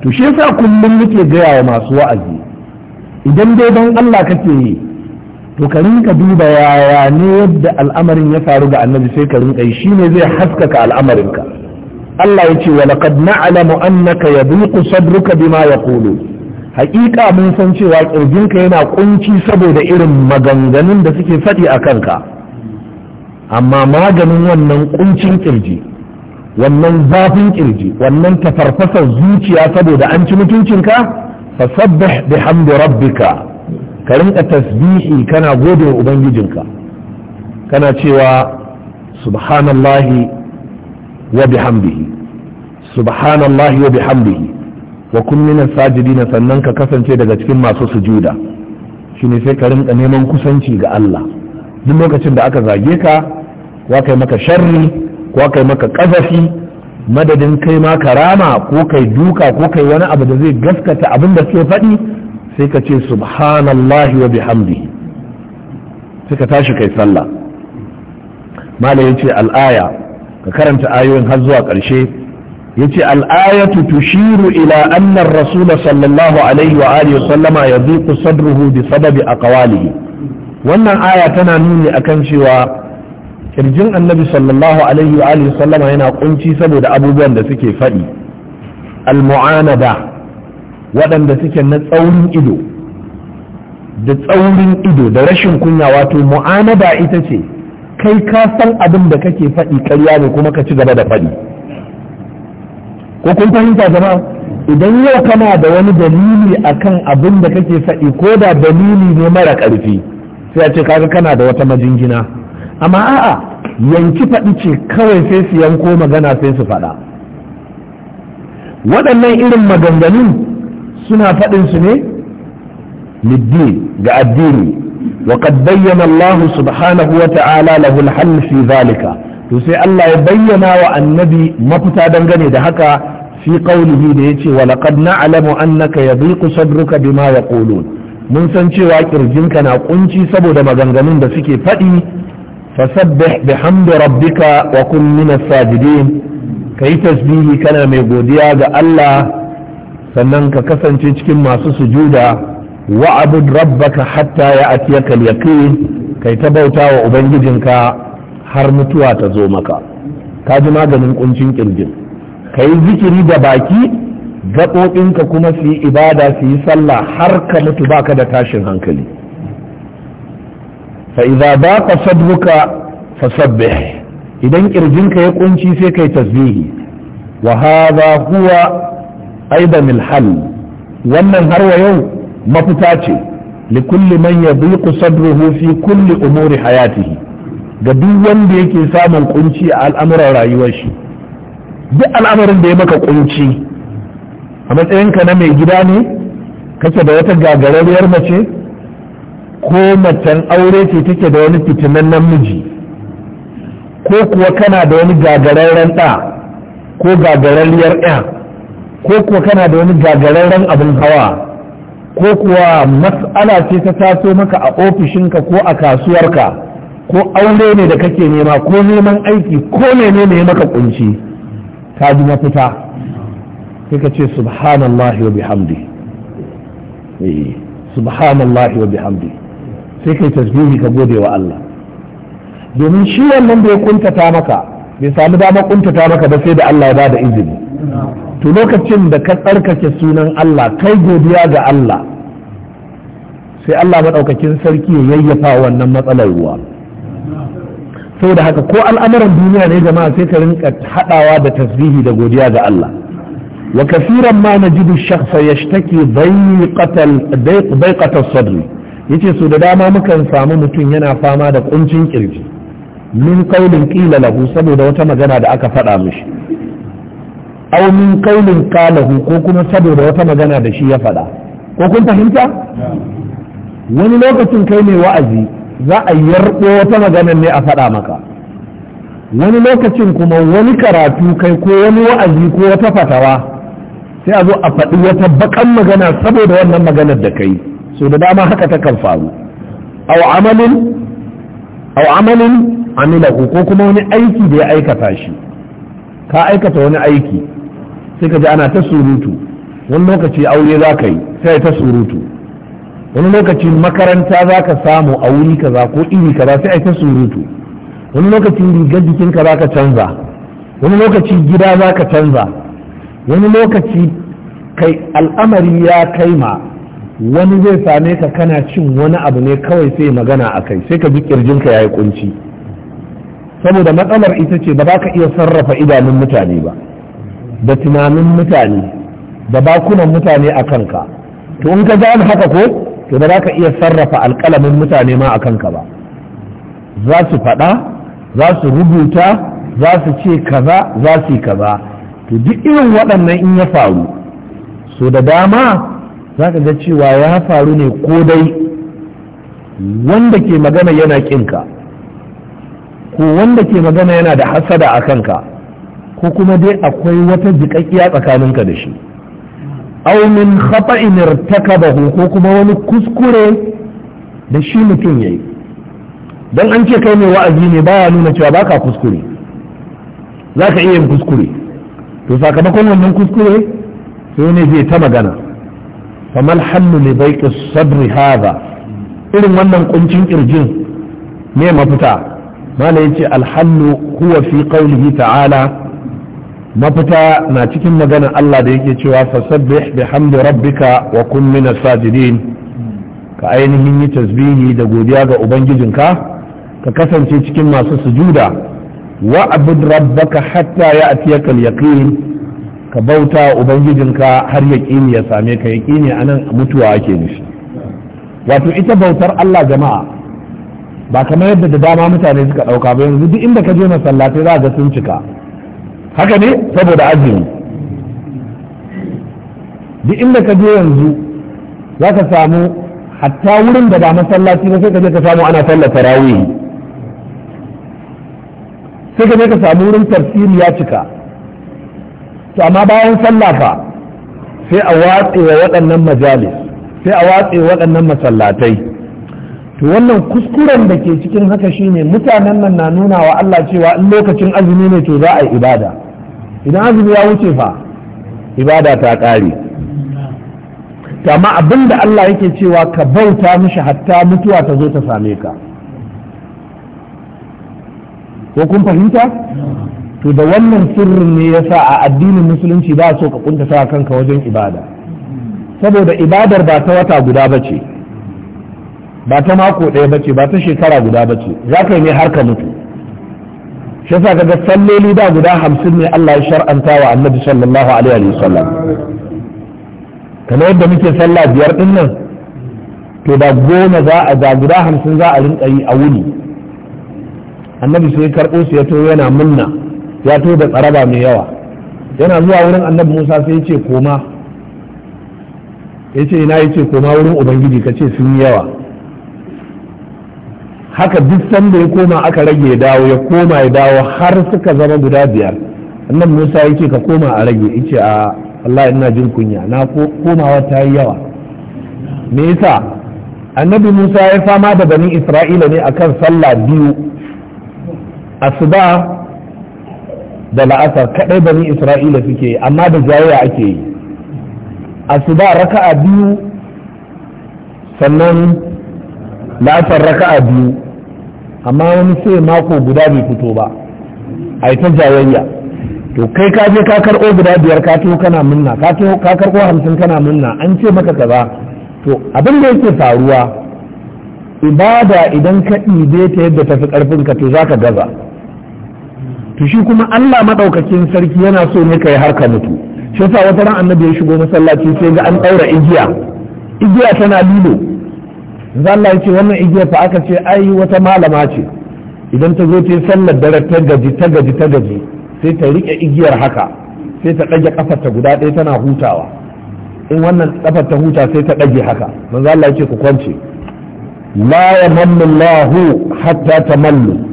to shi yasa kullum muke gaya wa masu wa'azi idan dai don Allah kake yi to ka rinka duba yaya ne yadda al'amarin ya faru ga annabi sai ka rinka yi shine zai haskaka al'amarinka Allah ya ce wa ya na'lamu annaka yadhiqu sadruka bima yaqulu haƙiƙa mun san cewa ƙirjinka yana kunci saboda irin maganganun da suke faɗi a kanka amma maganin wannan kuncin kirji wannan zafin kirji wannan tafarfasar zuciya saboda an ci mutuncinka sabbih bihamdi rabbika ka rinka tasbihi kana gode wa ubangijinka kana cewa subhanallahi wa bihamdihi subhanallahi wa bihamdihi wa kun min sajidina sannan ka kasance daga cikin masu sujuda shine sai ka rinka neman kusanci ga Allah duk lokacin da aka zage ka wa aka yi maka sharri ko maka kazafi madadin kai ma karama ko kai duka ko kai wani abu da zai gaskata abin da suke faɗi sai ka ce subhanallahi wa bihamdi sai ka tashi kai sallah malam yace al'aya ka karanta ayoyin har zuwa ƙarshe yace al'ayatu tushiru ila anna ar-rasul sallallahu alaihi wa alihi sallama yadhiqu sadruhu bi sababi aqwalihi wannan aya tana nuni akan cewa kirjin annabi sallallahu alaihi wa alihi sallama yana kunci saboda abubuwan da suke faɗi al-mu'anada waɗanda suke na tsaurin ido da tsaurin ido da rashin kunya wato mu'anada ita ce kai ka san abin da kake faɗi ƙarya ne kuma ka ci gaba da faɗi ko kun fahimta jama'a idan yau kana da wani dalili akan abin da kake faɗi ko da dalili ne mara ƙarfi sai a ce kaga kana da wata majingina amma a'a yanki faɗi ce kawai sai su yanko magana sai su faɗa waɗannan irin maganganun suna faɗin su ne liddin ga addini wa bayyanallahu subhanahu wa ta'ala lahu al zalika to sai Allah ya bayyana wa annabi mafita dangane da haka si qaulihi da ya ce wa laqad na'lamu annaka yadhiqu sadruka bima yaqulun mun san cewa kirjinka na kunci saboda maganganun da suke faɗi fasabbih bihamdi rabbika wa kun min as-sajidin kai tasbihi kana mai godiya ga Allah sannan ka kasance cikin masu sujuda wa abud rabbaka hatta ya ya'tiyaka al-yaqin kai ta bauta wa ka har mutuwa ta zo maka ka ji maganin kuncin kirjin kai zikiri da baki gaɓoɓinka kuma su yi ibada su yi sallah har ka mutu baka da tashin hankali fa idza baqa sadruka fasabbih idan kirjinka ya kunci sai kai tasbihi wa hadha huwa aidan hal wannan har wa yau mafita ce li kulli man yadhiqu sadruhu fi kulli umuri hayatihi ga duk wanda yake samun ƙunci a al'amuran rayuwar shi duk al'amarin da ya maka ƙunci. a matsayinka na mai gida ne kake da wata gagararriyar mace ko macen aure ce take da wani fitinan namiji ko kuwa kana da wani gagararren ɗa ko gagararriyar ɗa ko kuwa kana da wani gagararren abin hawa ko kuwa mas'ala ce ta taso maka a ofishinka ko a kasuwarka ko aure ne da kake nema ko neman aiki ko ne ne maka kunci ka ji mafita sai ka ce subhanallahi wa bihamdi eh, subhanallahi wa bihamdi sai kai tasbihi ka gode wa Allah domin shi wannan da ya kuntata maka bai sami dama kuntata maka ba sai da Allah ya bada izini to lokacin da ka tsarkake sunan Allah kai godiya ga Allah sai Allah maɗaukakin sarki ya yayyafa wannan matsalar ruwa saboda haka ko al'amuran duniya ne jama'a sai ka rinka haɗawa da tasbihi da godiya ga Allah wa kafiran ma najidu shakhsa yashtaki dayqatal dayqatal sadri yace su da dama mukan samu mutum yana fama da kuncin kirji min kaulin kila lahu saboda wata magana da aka faɗa mishi aw min kaulin kalahu ko kuma saboda wata magana da shi ya faɗa ko kun fahimta wani lokacin kai ne wa'azi za a yarbo wata magana ne a faɗa maka wani lokacin kuma wani karatu kai ko wani wa'azi ko wata fatawa sai a zo a faɗi wata bakan magana saboda wannan maganar da kai so da dama haka takan faru au amalin au amalin amilahu ko kuma wani aiki da ya aikata shi ka aikata wani aiki sai ka ji ana ta surutu wani lokaci aure za ka yi sai ta surutu wani lokaci makaranta za ka samu a wuri kaza ko iri kaza sai ai ta surutu wani lokaci rigar jikinka za ka canza wani lokaci gida za ka canza wani lokaci kai al'amari ya kai ma wani zai same ka kana cin wani abu ne kawai sai magana a kai sai ka ji kirjinka ya yi kunci saboda matsalar ita ce ba za ka iya sarrafa idanun mutane ba da tunanin mutane da bakunan mutane a kanka to in ka gane haka ko to ba za ka iya sarrafa alƙalamin mutane ma a kanka ba za su faɗa za su rubuta za su ce kaza za su yi kaza to duk irin waɗannan in ya faru so da dama za ka ga cewa ya faru ne ko dai wanda ke magana yana ƙinka ko wanda ke magana yana da hasada a kanka ko kuma dai akwai wata jiƙaƙƙiya tsakaninka da shi aw min khata'in irtakabahu ko kuma wani kuskure da shi mutum ya yi don an ce kai ne wa'azi ne baya nuna cewa baka kuskure za ka iya yin kuskure to sakamakon wannan kuskure sai ne zai ta magana famal hannu ne bai sadri haza irin wannan kuncin kirjin ne mafita mana yace alhannu huwa fi qawlihi ta'ala mafita na cikin maganar Allah da yake cewa fasabbih bihamdi rabbika wa kun minas sajidin ka ainihin yi tasbihi da godiya ga ubangijinka ka kasance cikin masu sujuda wa abud rabbaka hatta ya'tiyaka al-yaqin ka bauta ubangijinka har ya yaƙini ya same ka yaƙini a nan mutuwa ake nishi wato ita bautar Allah jama'a ba kamar yadda da dama mutane suka ɗauka ba yanzu duk inda ka je masallatai za ga sun cika haka ne saboda azumi duk inda ka je yanzu za ka samu hatta wurin da ba masallaci ba sai ka je ka samu ana sallar tarawih sai ka je ka samu wurin tafsiri ya cika to amma bayan sallah fa sai a watse wa waɗannan majalis sai a watse waɗannan masallatai to wannan kuskuren da ke cikin haka shine mutanen nan na nuna wa Allah cewa in lokacin azumi ne to za a yi ibada idan azumi ya wuce fa ibada ta ƙare to amma abin da Allah yake cewa ka bauta mishi hatta mutuwa ta zo ta same ka ko kun fahimta to da wannan sirrin ne yasa a addinin musulunci ba so ka kunta sa kanka wajen ibada saboda ibadar ba ta wata guda bace ba ta mako ɗaya bace ba ta shekara guda bace za ka yi ne har ka mutu shi yasa kaga salloli da guda hamsin ne Allah ya shar'anta wa annabi sallallahu alaihi wa sallam kamar yadda muke sallah biyar din nan to da goma za a da guda hamsin za a rinka yi a wuni annabi sai karɓo su ya to yana munna ya to da tsaraba mai yawa yana zuwa wurin annabi musa sai ya ce koma ya ce ina ya ce koma wurin ubangiji ka ce sun yi yawa haka duk sanda ya koma aka rage ya dawo ya koma ya dawo har suka zama guda biyar annabi musa ya ce ka koma a rage ya ce a Allah ina jin kunya na komawa ta yi yawa me yasa annabi musa ya fama da bani isra'ila ne akan sallah biyu asuba da la'asar kadai bani isra'ila suke amma da jayayya ake yi asuba raka'a biyu sannan la'asar raka'a biyu amma wani sai mako guda bai fito ba a ta jayayya to kai ka je ka karɓo guda biyar ka tuho kana munna ka tuho ka karɓo hamsin kana munna an ce maka kaza to abin da yake faruwa ibada idan ka ɗibe ta yadda ta fi ƙarfinka to za ka gaza to shi kuma Allah madaukakin sarki yana so ne kai yi harka mutu shi yasa wata ran annabi ya shigo masallaci sai ga an daura igiya igiya tana lilo yanzu Allah ce wannan igiya fa aka ce ai wata malama ce idan ta zo ta yi sallar dare ta gaji ta gaji ta gaji sai ta rike igiyar haka sai ta ɗage kafar ta guda ɗaya tana hutawa in wannan kafar ta huta sai ta ɗage haka manzo Allah ya ce ku kwance la yamallu hatta tamallu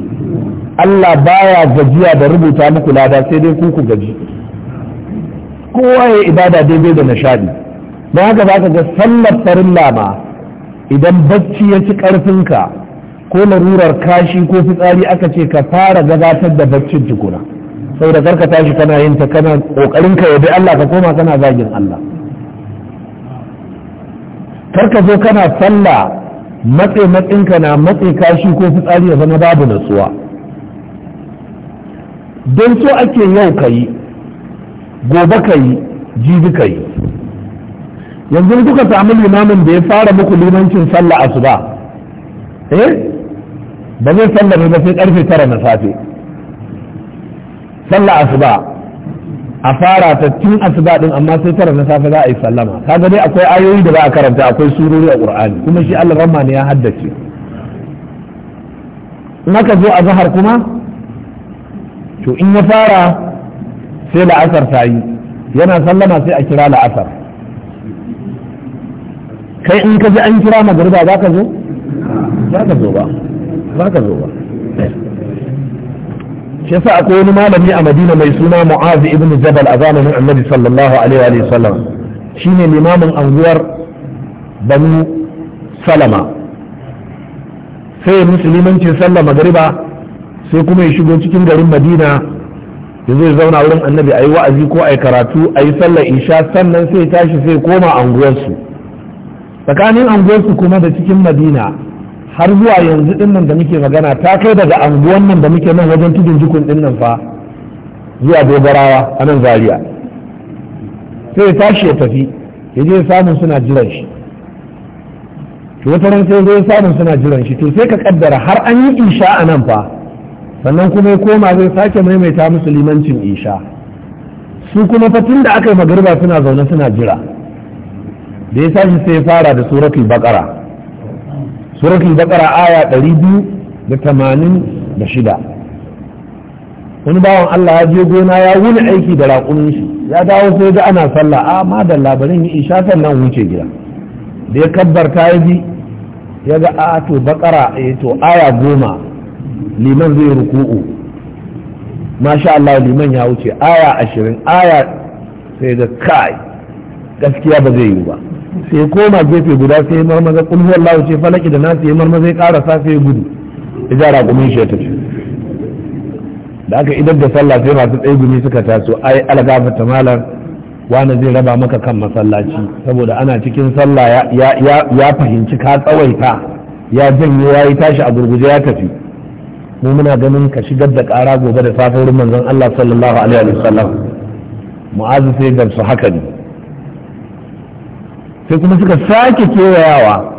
Allah baya gajiya da rubuta muku lada sai dai kuku gaji kowa ya ibada daidai da nishadi don haka za ka ga sallar farin lama idan bacci ya ci ƙarfinka ko larurar kashi ko fitsari aka ce ka fara gabatar da baccin tukuna saboda karka tashi kana yin ta kana kokarin ka yabi Allah ka koma kana zagin Allah karka zo kana sallah matse matsinka na matse kashi ko fitsari ya zama babu natsuwa don so ake yau ka yi gobe ka yi jibi ka yi yanzu duka samu limamin da ya fara muku limancin sallah asuba eh ba zai sallah ba sai karfe tara na safe sallah asuba a fara ta tun asuba din amma sai tara na safe za a yi sallama kaga dai akwai ayoyi da za a karanta akwai surori a qur'ani kuma shi Allah ne ya haddace in aka zo a zahar kuma to in ya fara sai la'asar ta yi yana sallama sai a kira la'asar kai in ka ji an kira magariba za ka zo za ka zo ba za ka zo ba shi sa akwai wani malami a madina mai suna mu'azi ibn jabal a zamanin annabi sallallahu alaihi wa sallam Shi ne limamin anguwar banu salama sai musulmancin sallah magariba sai kuma ya shigo cikin garin madina ya zai zauna wurin annabi a yi wa'azi ko a yi karatu a yi sallar isha sannan sai tashi sai koma anguwarsu tsakanin anguwarsu kuma da cikin madina har zuwa yanzu din nan da muke magana ta kai daga anguwan nan da muke nan wajen tudun jikun din nan fa zuwa dogarawa a nan zaria sai tashi ya tafi ya je samun suna jiran shi to wata ran sai zai samun suna jiran shi to sai ka kaddara har an yi isha a nan fa sannan kuma ya koma zai sake maimaita musu limancin isha su kuma fatin da aka yi magariba suna zaune suna jira da ya sashi sai fara da suratul bakara suratul bakara aya ɗari biyu da tamanin da shida wani bawan Allah ya je gona ya wuni aiki da raƙunin shi ya dawo sai ga ana sallah a ma da labarin yi isha sannan wuce gida da ya kabbar ya bi ya ga a to baqara eh, to aya goma liman zai ruku'u masha Allah liman ya wuce aya ashirin aya sai ga kai gaskiya ba zai yi ba sai koma gefe guda sai marmaza kul Allah wuce falaki da nasu ya marmaza ya sa sai gudu ya ja raƙumin shi ya tafi da aka idan da sallah sai masu tsaye gumi suka taso ai algafa ta malam wani zai raba maka kan masallaci saboda ana cikin sallah ya fahimci ka tsawaita ya janye ya yi tashi a gurguje ya tafi mu muna ganin ka shigar da ƙara gobe da safe wurin manzon Allah sallallahu alaihi wa sallam mu'azu sai gamsu haka ne sai kuma suka sake kewayawa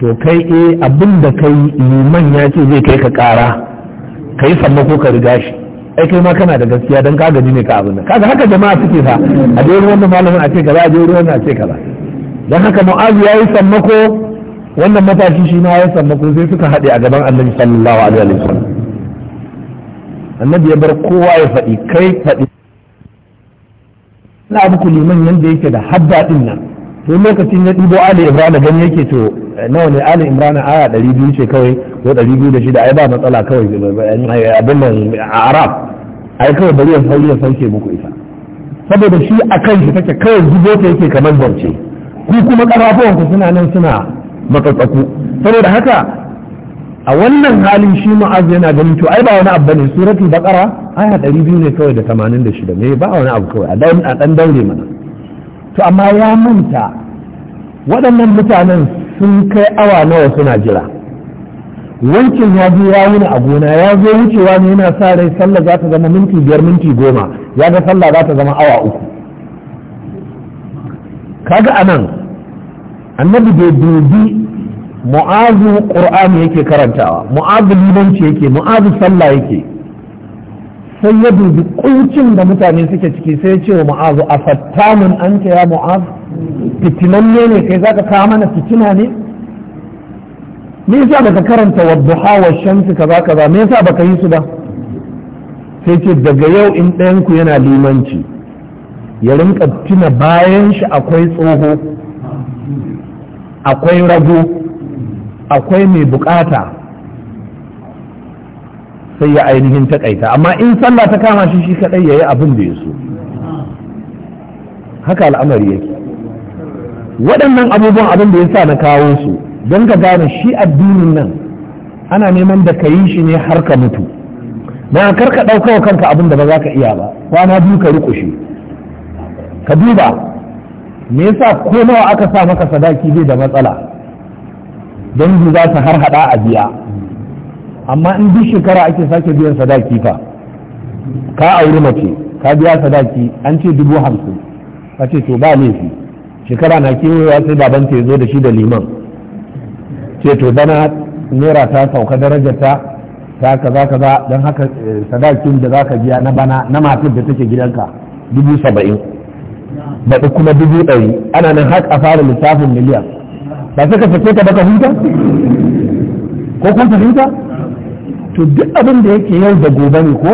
to kai eh abin da kai liman ya ce zai kai ka ƙara kai ko ka riga shi ai kai ma kana da gaskiya dan ka gani ne ka abin Ka kaga haka jama'a suke fa a je ruwan malamin a ce kaza a je ruwan a ce kaza dan haka mu'azu yayi sammako wannan mataki shi ma ya samu sai suka haɗe a gaban annabi sallallahu alaihi wa sallam annabi ya bar kowa ya faɗi kai faɗi na abu ku liman yanda yake da habba din nan to lokacin ya ɗibo ali imran gan yake to eh, nawa ne ali imran aya ɗari biyu ce kawai ko ɗari biyu da shida ai ba matsala kawai eh, eh, abin nan a arab ai kawai bari ya sauri ya sauke muku ita saboda shi a kan shi take kawai zubo ta yake kamar zance ku kuma ƙarafuwanku suna nan suna matsatsaku saboda haka a wannan halin shi ma'az yana ganin to ai ba wani abu bane surati baqara aya 200 ne kawai da 86 me ba wani abu kawai a dan daure mana to amma ya manta waɗannan mutanen sun kai awa nawa suna jira wancan ya je ya wuni a gona ya zo wucewa ne yana sa rai sallah za ta zama minti biyar minti goma ya ga sallah za ta zama awa uku kaga anan annabi bai dubi mu'azu qur'ani yake karantawa mu'azu limanci yake mu'azu sallah yake sai ya dubi kuncin da mutane suke ciki sai ya ce wa mu'azu afattamun anta ya mu'az fitinanne ne kai zaka kawo mana fitina ne me yasa baka karanta wa duha wa shamsi kaza kaza me yasa baka yi su ba sai ce daga yau in ɗayan ku yana limanci ya rinka tuna bayan shi akwai tsoho akwai rago akwai mai bukata sai ya ainihin takaita amma in sallah ta kama shi shi kadai yayi abin da ya so haka al'amari yake waɗannan abubuwan abin da ya sa na kawo su don ka gane shi addinin nan ana neman da ka yi shi ne har ka mutu na karka ɗaukawa kanka abin da ba za ka iya ba kwana biyu ka rikushe ka duba me yasa ko nawa aka sa maka sadaki bai da matsala dangi za su har hada a biya amma in duk shekara ake sake biyan sadaki fa ka auri mace ka biya sadaki an ce dubu hamsin ka ce to ba laifi shekara na kewayewa sai baban ta zo da shi da liman ce to bana naira ta sauka darajarta ta kaza kaza don haka eh, sadakin da za ka biya na bana na matar da take gidanka dubu saba'in baɗi kuma dubu ɗari ana nan har a fara lissafin miliyan ba sai ka ta baka huta ko kun fahimta to duk abin da yake yau da gobe ne ko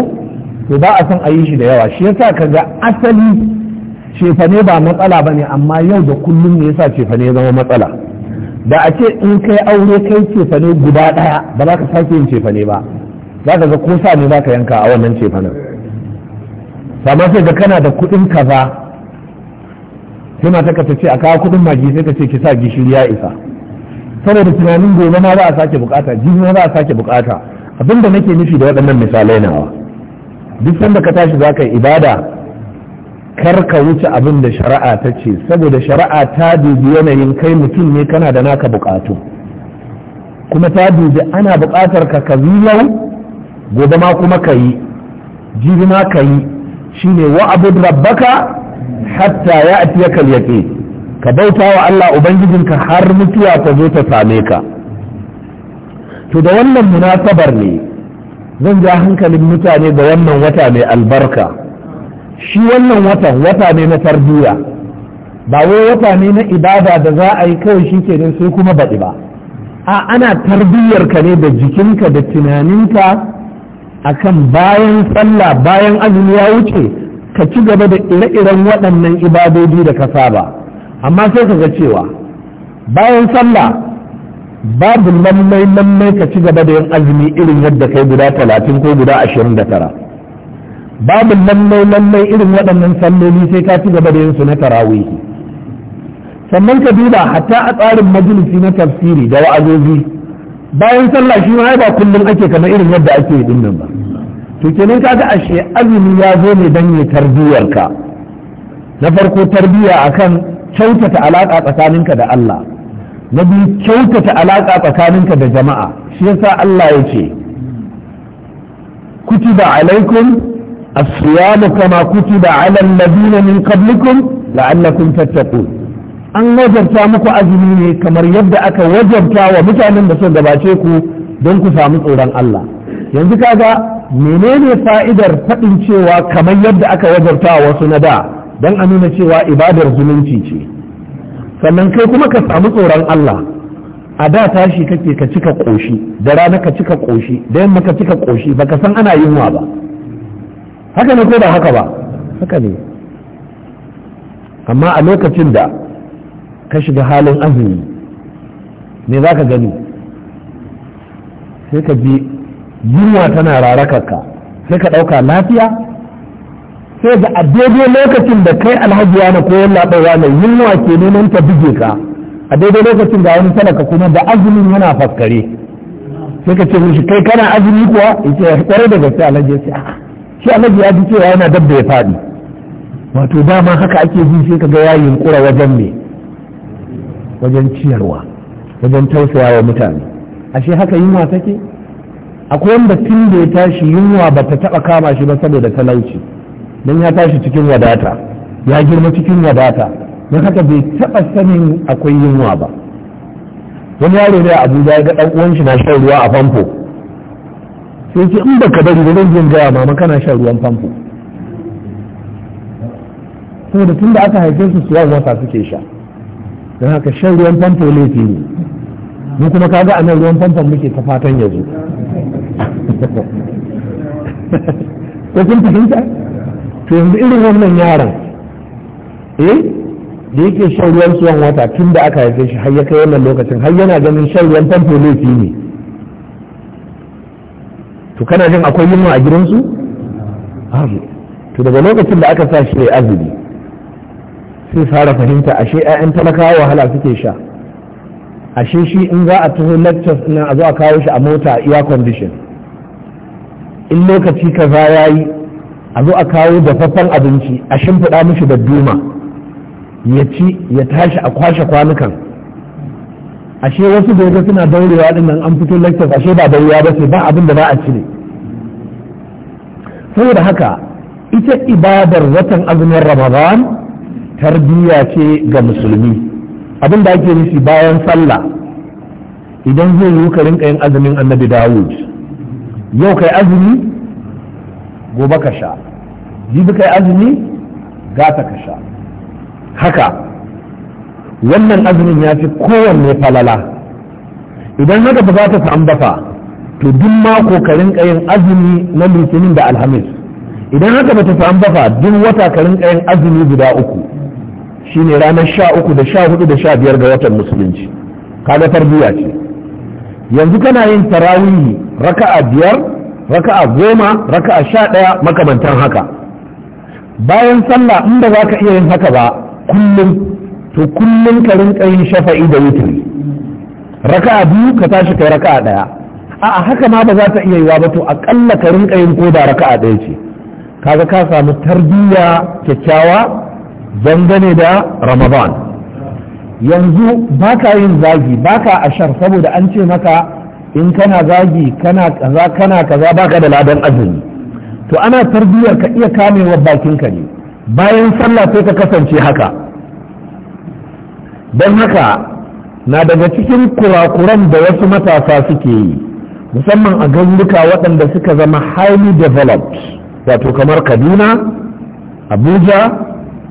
to ba a san a yi shi da yawa shi yasa ka ga asali cefane ba matsala ba ne amma yau da kullum ne yasa cefane zama matsala da a ce in kai aure kai cefane guda ɗaya ba za ka sake yin cefane ba za ka ga ko sa ne za ka yanka a wannan cefanen sama sai ga kana da kuɗin kaza sai mata ta ce a kawo kudin magi sai ka ce ki sa gishiri ya isa saboda tunanin gobe ma za a sake bukata jibi ma za a sake bukata abinda nake nufi da waɗannan misalai nawa duk sanda ka tashi za ka yi ibada kar ka wuce abin da shari'a ta ce saboda shari'a ta dubi yanayin kai mutum ne kana da naka bukatu kuma ta dubi ana bukatar ka ka yau gobe ma kuma ka yi jibi ma ka yi shine wa'abud rabbaka hatta ya atiyaka yaqin ka bauta wa Allah ubangijinka har mutuwa ta zo ta same ka to da wannan munasabar ne zan ja hankalin mutane da wannan wata mai albarka shi wannan watan wata ne na tarbiyya ba wai wata ne na ibada da za a yi kawai shi kenan sai kuma baɗi ba a ana tarbiyyar ka ne da jikinka da tunaninka akan bayan sallah bayan azumi ya wuce ka ci gaba da ire-iren waɗannan ibadodi da ka saba amma sai ka ga cewa bayan sallah babu lallai lallai ka ci gaba da yin azumi irin yadda kai guda talatin ko guda ashirin da tara babu lallai lallai irin waɗannan salloli sai ka ci gaba da yin su na tarawihi sannan ka duba hatta a tsarin majalisi na tafsiri da wa'azozi bayan sallah shi ma ba kullum ake kamar irin yadda ake yi dinnan ba to kenan kaga ashe azumi ya zo ne dan ya tarbiyar ka na farko tarbiya akan kyautata alaka tsakaninka da Allah na biyu kyautata alaƙa tsakaninka da jama'a shi yasa Allah ya ce kutiba alaikum as kana kama kutiba ala alladhina min qablikum la'allakum tattaqun an wajabta muku azumi ne kamar yadda aka wajabta wa mutanen da suka gabace ku don ku samu tsoron Allah yanzu kaga menene fa'idar faɗin cewa kamar yadda aka wajabta wasu na da don a nuna cewa ibadar zumunci ce sannan kai kuma ka samu tsoron Allah a da tashi kake ka cika ƙoshi da rana ka cika ƙoshi da yamma ka cika ƙoshi baka san ana yunwa ba haka ne ko ba haka ba haka ne amma a lokacin da ka shiga halin azumi me za ka gani sai ka bi yunwa tana rarakarka sai ka ɗauka lafiya sai ga lokacin da kai alhaji na koyon labarwa mai yunwa ke neman ta buge ka a daidai lokacin da wani talaka kuma da azumin yana faskare sai ka ce mushi kai kana azumi kuwa ya ce kwarai da gaske alhaji ya ce shi alhaji ya ji cewa yana dabba ya faɗi wato dama haka ake ji sai ka ga ya kura wajen me wajen ciyarwa wajen tausaya wa mutane ashe haka yunwa take akwai wanda tun da ya tashi yunwa ba ta taɓa kama shi ba saboda talauci don ya tashi cikin wadata ya girma cikin wadata don haka bai taɓa sanin akwai yunwa ba wani yaro ne a abuja ya ga ɗan uwan shi na shan ruwa a famfo sai ce in baka bari da zan jin gaya mama kana shan ruwan famfo saboda tun da aka haife su suwa wata suke sha don haka shan ruwan famfo laifi ne mu kuma kaga a nan ruwan famfon muke ta fatan ya zo ko kun fahimta to yanzu irin wannan yaron eh da yake shan ruwan tsohon wata tun da aka haife shi har ya kai wannan lokacin har yana ganin shan ruwan famfo laifi ne to kana jin akwai yunwa a gidansu to daga lokacin da aka sa shi ya azumi sai fara fahimta ashe 'ya'yan talakawa wahala suke sha ashe shi in za a taho lectures ina a zo a kawo shi a mota air condition in lokaci kaza ya yi a zo a kawo dafaffen abinci a shimfiɗa mishi da duma ya ci ya tashi a kwashe kwanukan ashe wasu da suna daurewa din nan an fito lectures ashe ba daurewa ba sai ba abin da ba a cire saboda haka ita ibadar watan azumin ramadan tarbiyya ce ga musulmi abin da ake nufi bayan sallah idan zai yi ka rinka yin azumin annabi dawud yau kai azumi gobe ka sha jibi kai azumi gata ka sha haka wannan azumin ya fi kowanne falala idan haka ba za ta ambata to duk mako karin kayan azumi na litinin da alhamis idan haka ba ta fi ambata duk wata karin kayan azumi guda uku shine ranar sha uku da sha hudu da sha biyar ga watan musulunci kaga tarbiyya ce yanzu kana yin tarawihi raka'a biyar raka'a goma raka'a sha ɗaya makamantan haka bayan sallah in ba za ka iya yin haka ba kullum to kullum ka rinƙa yin shafa'i da wuturi raka'a biyu ka tashi kai raka'a ɗaya a haka ma ba za ta iya yiwa ba to aƙalla ka rinka yin koda raka'a ɗaya ce kaga ka samu tarbiyya kyakkyawa dangane da ramadan yanzu baka yin zagi baka ashar saboda an ce maka in kana zagi kana kaza kana kaza baka da ladan azumi to ana tarbiyyar ka iya kamewa bakinka ne bayan sallah sai ka kasance haka don haka na daga cikin kurakuran da wasu matasa suke yi musamman a ganyuka waɗanda suka zama highly developed wato kamar kaduna abuja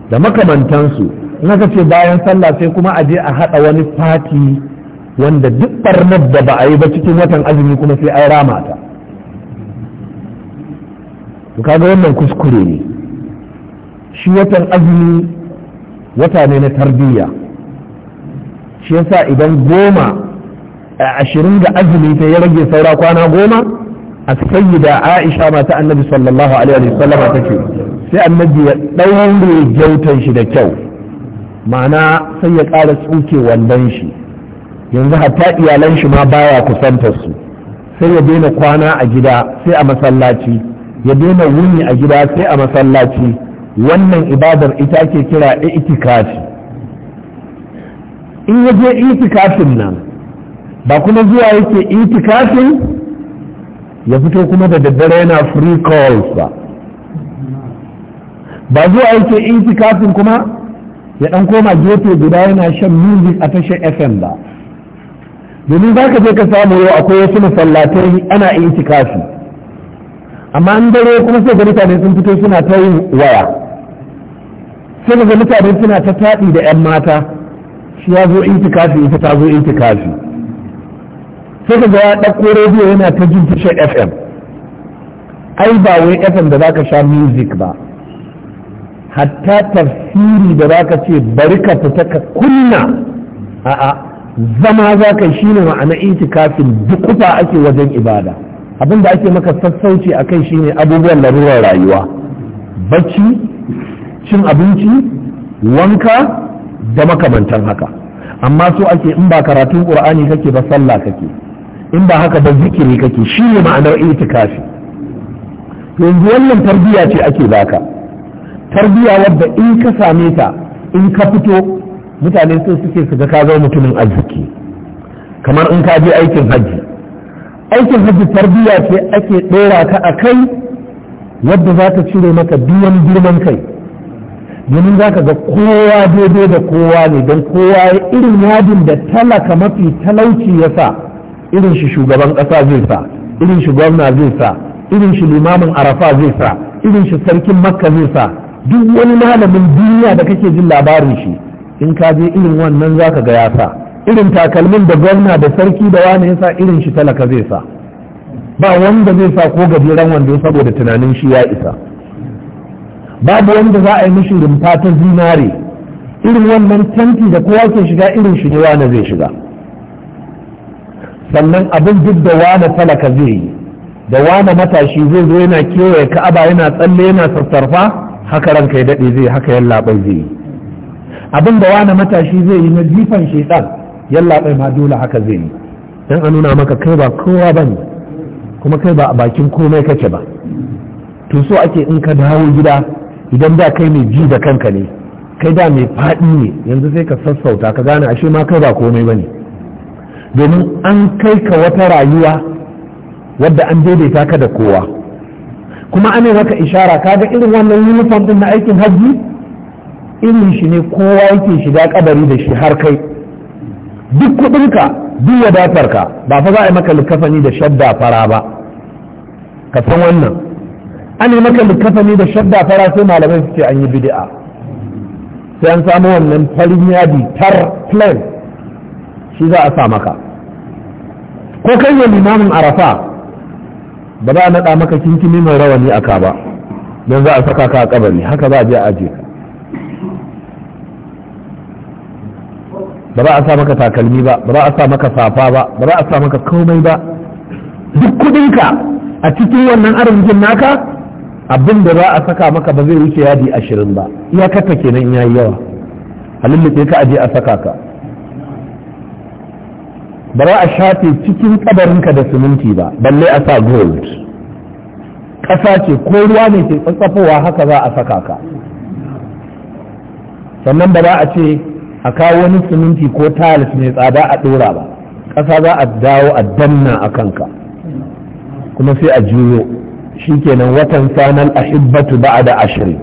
da makamantansu naka ce bayan sallah sai kuma a je a haɗa wani fati wanda duk barnar da ba a yi ba cikin watan azumi kuma sai an rama ta kaga wannan kuskure ne shi watan azumi wata ne na tarbiyya shi yasa idan goma ashirin da azumi ta ya rage saura kwana goma a sayyida aisha mata annabi sallallahu alaihi wasallam ce sai annabi ya daure gyautan shi da kyau ma'ana sai ya ƙara tsuke wannan shi yanzu hatta iyalan shi ma baya kusantar su sai ya daina kwana a gida sai a masallaci ya daina wuni a gida sai a masallaci wannan ibadar ita ke kira itikafi in ya je itikafin nan ba kuma zuwa yake itikafin ya fito kuma da daddare yana free calls ba ba zuwa yake itikafin kuma ya dan koma gefe guda yana shan music a tashar fm ba domin za ka je ka samu yau akwai wasu masallatai ana tikafi amma an dare kuma sai ga mutane sun fito suna ta yin waya sai ga mutane suna ta taɗi da 'yan mata shi ya zo tikafi ita ta zo tikafi sai ka ga ya ɗauko rediyo yana ta jin tashar fm ai ba wai fm da za ka sha music ba hatta tafsiri da za ka ce bari ka fita ka kunna a'a zama za ka shi ne ma'ana itikafin dukufa ake wajen ibada abin da ake maka sassauci a kai shi ne abubuwan larurar rayuwa bacci cin abinci wanka da makamantan haka amma so ake in ba karatun ƙur'ani kake ba sallah kake in ba haka ba zikiri kake shi ne ma'anar itikafi yanzu wannan tarbiyya ce ake baka tarbiya wadda in ka same ta in ka fito mutane sun suke su ga mutumin arziki kamar in ka je aikin hajji aikin hajji tarbiya ce ake ɗora ka a kai wadda za ta cire maka biyan girman kai domin za ka ga kowa daidai da kowa ne don kowa ya irin yadin da talaka mafi talauci ya sa irin shi shugaban ƙasa zai sa irin shi gwamna zai sa irin shi limamin arafa zai sa irin shi sarkin makka zai sa duk wani malamin duniya da kake jin labarin shi in ka je irin wannan zaka ga ya sa irin takalmin da gwamna da sarki da wani ya sa irin shi talaka zai sa ba wanda zai sa ko gajeren wando saboda tunanin shi ya isa babu wanda za a yi mishi rumfa ta zinare irin wannan tanti da kowa ke shiga irin shi ne wani zai shiga sannan abin duk da wani talaka zai yi da wani matashi zai zo yana kewaye ka'aba yana tsalle yana sassarfa haka ranka ya daɗe zai haka yallaɓai zai yi abin da wani matashi zai yi na jifan shaitan yallaɓai ma dole haka zai yi 'dan a nuna maka kai ba kowa ba ne kuma kai ba a bakin komai kake ba to so ake in ka dawo gida idan da kai mai ji da kanka ne kai da mai faɗi ne yanzu sai ka sassauta ka gane ashe ma kai ba komai ba ne domin an kai ka wata rayuwa wadda an daidaita ka da kowa kuma ana maka ishara kaga irin wannan uniform din na aikin hajji irin shi ne kowa yake shiga kabari da shi har kai duk kudinka duk wadatarka ba fa za a yi maka likafani da shadda fara ba ka san wannan an yi maka likafani da shadda fara sai malamai su ce an yi bid'a sai an samu wannan farin yadi tar plain shi za a sa maka ko kai ne limamin arafa ba za a naɗa maka kinkini mai rawani a ka ba don za a saka ka a kabari haka za a je a aje ka ba za a sa maka takalmi ba ba za a sa maka safa ba ba za a sa maka komai ba duk kudinka a cikin wannan arzikin naka abin da za a saka maka ba zai wuce yadi ashirin ba iyakarka kenan yi yawa a lulluɓe ka aje a saka ka ba za a shafe cikin kabarinka da siminti ba balle a sa gold ƙasa ce ko ruwa ne ke tsatsafowa haka za a saka ka sannan ba za a ce a kawo wani siminti ko tiles mai tsada a ɗora ba ƙasa za a dawo a danna a kanka kuma sai a juyo shi shikenan watan sanar a hibbatu ba da ashirin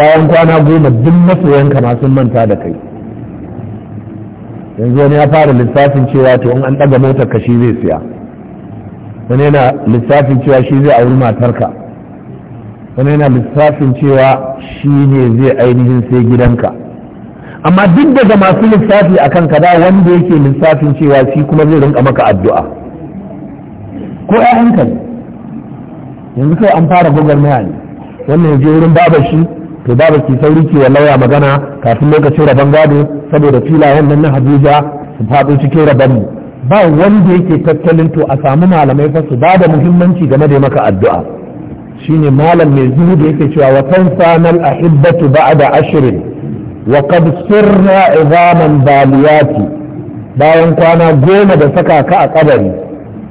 bayan kwana goma duk masoyanka ma sun manta da kai yanzu wani ya fara lissafin cewa to in an ɗaga motar ka shi zai siya wani yana lissafin cewa shi zai auri matarka wani yana lissafin cewa shi ne zai ainihin sai gidanka amma duk daga masu lissafi a kan kada wanda yake lissafin cewa shi kuma zai rinka maka addu'a ko ya ne yanzu kai an fara gogar ne wannan ya je wurin babar shi to babu ki sauri ki wa lauya magana kafin lokacin rabon gado saboda filayen nan na Habuja su faɗo cikin rabon mu ba wanda yake tattalin to a samu malamai fa su ba da muhimmanci game da maka addu'a shine malam mai zuhu da yake cewa wa tansanal ahibbatu ba'da ashrin wa qad sirra izaman baliyati bayan kwana goma da saka ka a kabari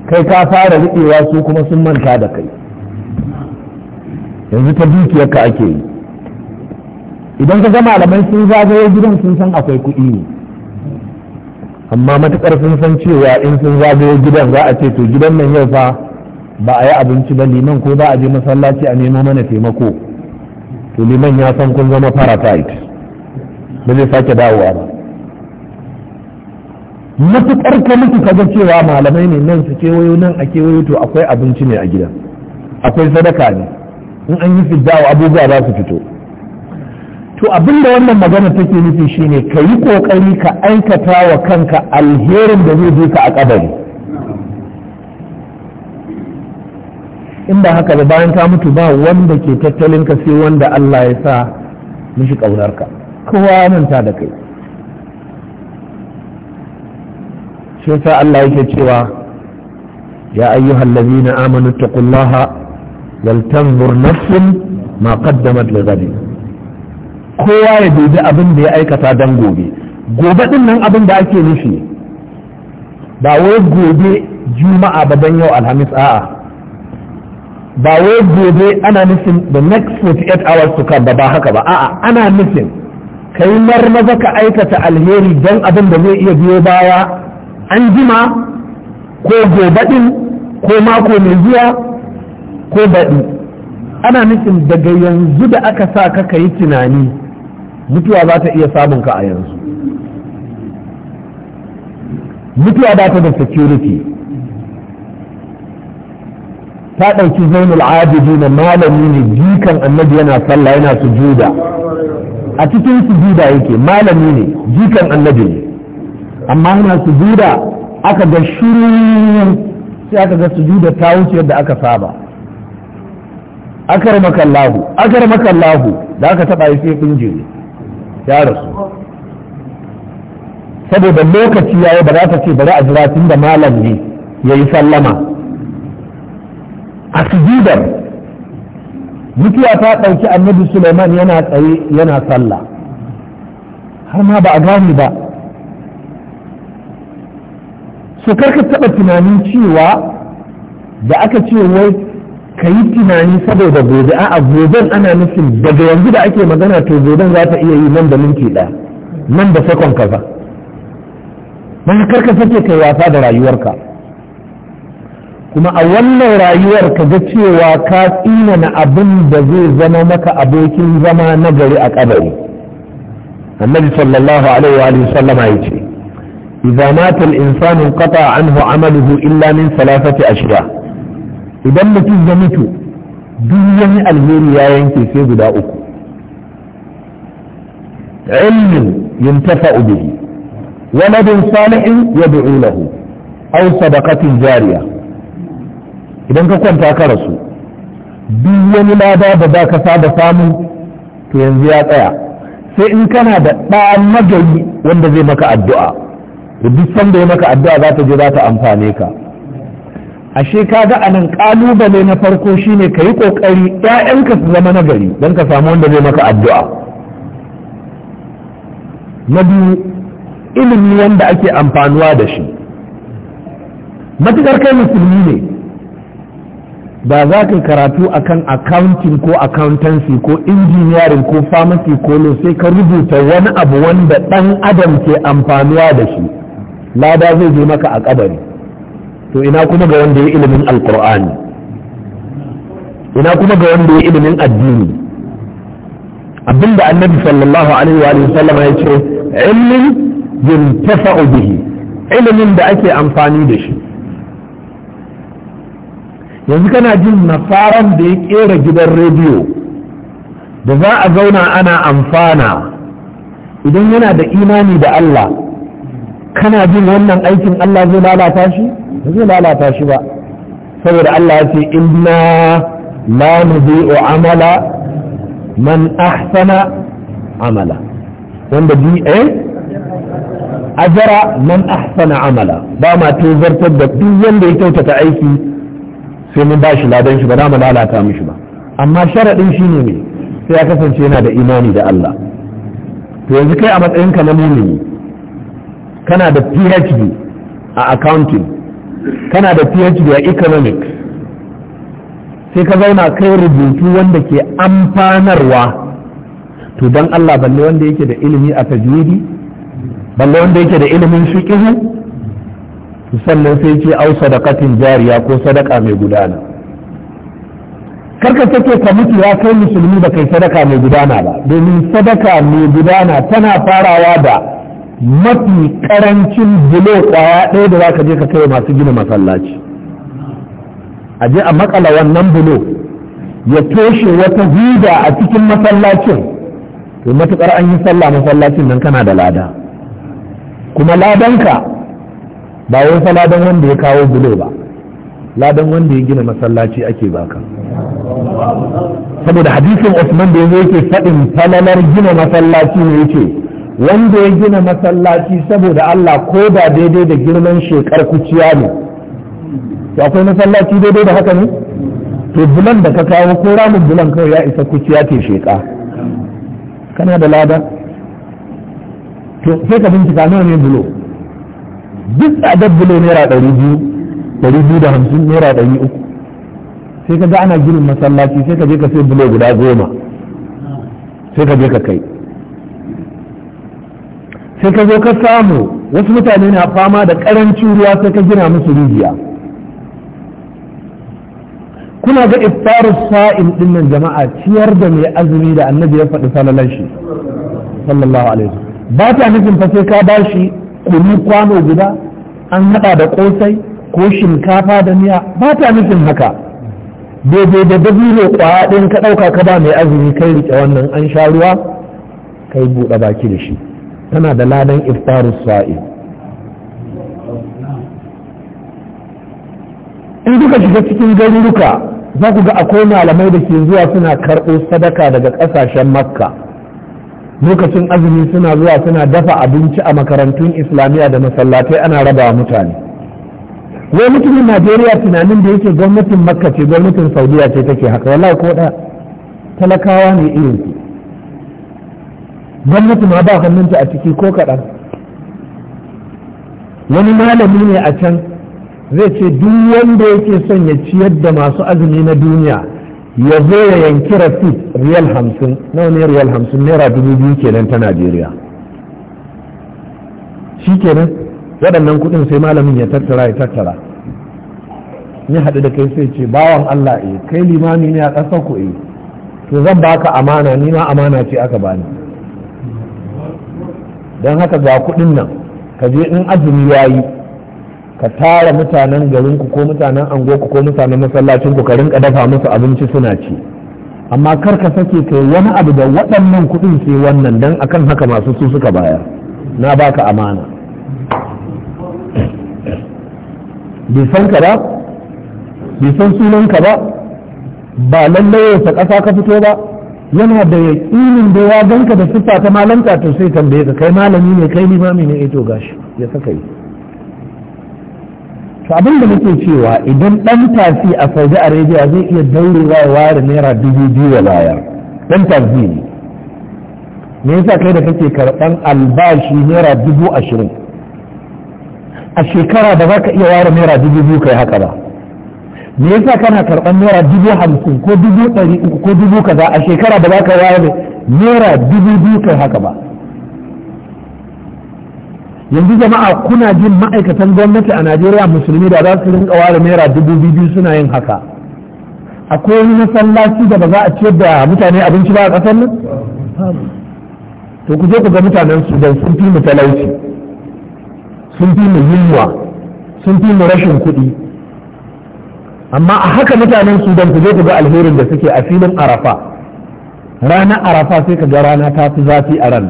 kai ka fara riɗewa su kuma sun manta da kai yanzu ta dukiyarka ake yi idan ka ga malamai sun zagaye gidan sun san akwai kuɗi ne amma matukar sun san cewa in sun zagaye gidan za a ce to gidan nan yau fa ba a yi abinci ba liman ko ba a je masallaci a nemo mana taimako to liman ya san kun zama parasite ba zai sake dawowa ba matuƙar ka mutu ka ga cewa malamai ne nan su kewayo nan a kewayo to akwai abinci ne a gidan akwai sadaka ne in an yi fiddawa abubuwa za su fito to abinda wannan magana take nufi shine ka yi kokari ka aikata wa kanka alherin da zai ka a kabari in ba haka da bayan ka mutu ba wanda ke tattalin ka sai wanda Allah ya sa mishi kaunarka kowa manta da kai shi yasa Allah yake cewa ya ayyuhal na amanu taqullaha wal tanzur nafsun ma qaddamat li ghadin kowa ya dubi abin da ya aikata don gobe gobe din nan abin da ake nufi ba wai gobe juma'a ba don yau alhamis a'a ba wai gobe ana nufin the next 48 hours to come ba ba haka ba a'a ana nufin kai marmaza ka aikata alheri don abin da zai iya biyo baya an jima ko gobe din ko mako mai zuwa ko baɗi ana nufin daga yanzu da aka sa ka yi tunani mutuwa za ta iya samun ka a yanzu mutuwa ba ta da security ta ɗauki zainul abidi na malami ne jikan annabi yana sallah yana sujuda a cikin sujuda yake malami ne jikan annabi ne amma yana sujuda aka ga shiru sai aka ga sujuda ta wuce yadda aka saba akar makallahu akar makallahu da aka taɓa yi sai kunjiri ya rasu saboda lokaci yayi ba za ta ce bari a jira tun da malam ne yayi sallama a sujudar mutuwa ta ɗauki annabi Suleiman yana tsaye yana sallah har ma ba a gane ba su karka taɓa tunanin cewa da aka ce wai ka yi tunani saboda gobe a'a goben ana nufin daga yanzu da ake magana to goben za ta iya yi nan da minti ɗaya nan da sakon ba. don karka sake kai wasa da rayuwarka kuma a wannan rayuwar ka ga cewa ka tsinana abin da zai zama maka abokin zama na gari a kabari annabi sallallahu alaihi wa sallama ya ce idza mata al-insanu qata anhu amaluhu illa min a ashya' idan mutum ya mutu duk wani alheri ya yanke sai guda uku ilmin yantafa bihi waladin salihin yad'u lahu aw sadaqatin jariya idan ka kwanta ka rasu duk wani lada da za ka saba samu to yanzu ya tsaya sai in kana da ɗan magari wanda zai maka addu'a duk sanda ya maka addu'a za ta je za ta amfane ka ashe ka ga anan kalubale na farko shine ka yi kokari ƴaƴanka su zama nagari don ka samu wanda zai maka addu'a na biyu ilimi wanda ake amfanuwa da shi matukar kai musulmi ne ba za ka karatu akan accounting ko accountancy ko engineering ko famasi ko ne sai ka rubuta wani abu wanda ɗan adam ke amfanuwa da shi lada zai je maka a kabari to ina kuma ga wanda ya ilimin alkur'ani ina kuma ga wanda ya ilimin addini abinda annabi sallallahu alaihi wa sallama ya ce ilmin yuntafa'u bihi ilimin da ake amfani da shi yanzu kana jin nasaran da ya kera gidan rediyo da za a zauna ana amfana idan yana da imani da Allah kana jin wannan aikin Allah zai lalata shi ba zai lalata shi ba saboda Allah ya ce inna la nudhi'u amala man ahsana amala wanda bi eh ajara man ahsana amala ba ma tozartar da duk wanda ya kyautata aiki sai mun ba shi ladan shi ba za mu lalata mishi ba amma sharaɗin shi ne sai ya kasance yana da imani da Allah to yanzu kai a matsayinka na mumini kana da phd a accounting kana da phd a economics sai ka zauna kai rubutu wanda ke amfanarwa to don allah balle wanda yake da ilimi a tajwidi balle wanda yake da ilimin fiqihu sannan sai ce au sadakatin jariya ko sadaka mai gudana karka take ka mutu ya kai musulmi ba kai sadaka mai gudana ba domin sadaka mai gudana tana farawa da mafi karancin bulo kwaya ɗaya da za ka je ka kai masu gina masallaci a je a makala wannan bulo ya toshe wata huda a cikin masallacin to matuƙar an yi sallah masallacin nan kana da lada kuma ladanka ba wai ladan wanda ya kawo bulo ba ladan wanda ya gina masallaci ake baka saboda hadisin Usman da yanzu yake faɗin falalar gina masallaci ne yake wanda ya gina masallaci saboda Allah ko da daidai da girman shekar kuciya ne to akwai masallaci daidai da haka ne to bulan da ka kawo ko ramin bulan kawai ya isa kuciya ke sheka kana da lada to sai ka bincika nawa ne bulo duk tsadar bulo naira ɗari biyu ɗari biyu da hamsin naira ɗari uku sai ka ga ana ginin masallaci sai ka je ka sai bulo guda goma sai ka je ka kai sai ka zo ka samu wasu mutane na fama da karancin ruwa sai ka gina musu rijiya kuna ga iftar sa'in din jama'a ciyar da mai azumi da annabi ya faɗi salalan shi sallallahu alaihi ba ta nufin fa sai ka ba shi kunu kwano guda an haɗa da kosai ko shinkafa da miya ba ta nufin haka daidai da dabino kwaya ɗin ka ɗauka ka ba mai azumi kai riƙe wannan an sha ruwa kai buɗe baki da shi tana da ladan iftar sa'i in duka shiga cikin garuruka za ku ga akwai malamai da ke zuwa suna karɓo sadaka daga ƙasashen makka lokacin azumi suna zuwa suna dafa abinci a makarantun islamiyya da masallatai ana rabawa mutane wai mutumin najeriya tunanin da yake gwamnatin makka ce gwamnatin saudiya ce take haka wallahi ko da talakawa ne irin su gwamnati ma ba hannunta a ciki ko kaɗan wani malami ne a can zai ce duk wanda yake son ya ciyar da masu azumi na duniya ya zo ya yanki rafi riyal hamsin nawa ne riyal hamsin naira dubu biyu kenan ta najeriya shi kenan waɗannan kuɗin sai malamin ya tattara ya tattara ni haɗu da kai sai ce bawan allah eh kai limami ne a ƙasar ku eh to zan baka amana ni ma amana ce aka bani don haka ga kuɗin nan ka je in azumi ya yi ka tara mutanen garinku ko mutanen angoku ko mutanen ku ka rinka dafa musu abinci suna ci amma kar ka sake kai wani abu da waɗannan kuɗin sai wannan don akan haka masu su suka bayar na baka amana bai san ka ba bai sunanka ba ba lallai ƙasa ka fito ba yana da yaƙinin da ya ganka da siffa ta malanta to sai tambaye ka kai malami ne kai limami ne ito eh gashi ya saka yi to abin da muke cewa idan dan tafi a saudi arabia zai iya daurewa ya ware naira dubu biyu da baya dan tafi ne me yasa kai da kake karɓan albashi naira dubu ashirin a shekara ba za ka iya ware naira dubu biyu kai haka ba me yasa kana karɓar naira dubu hamsin ko dubu ɗari uku ko dubu kaza a shekara da za ka ware naira dubu biyu kai haka ba yanzu jama'a kuna jin ma'aikatan gwamnati a najeriya musulmi da za su rinka ware naira dubu biyu suna yin haka akwai wani masallaci da ba za a ciyar da mutane abinci ba a ƙasar nan to ku je ku ga mutanen su don sun fi mu talauci sun fi mu yunwa sun fi mu rashin kuɗi amma a haka mutanen sudan su je ku ga alherin da suke a filin arafa ranar arafa sai ka ga rana ta fi zafi a ran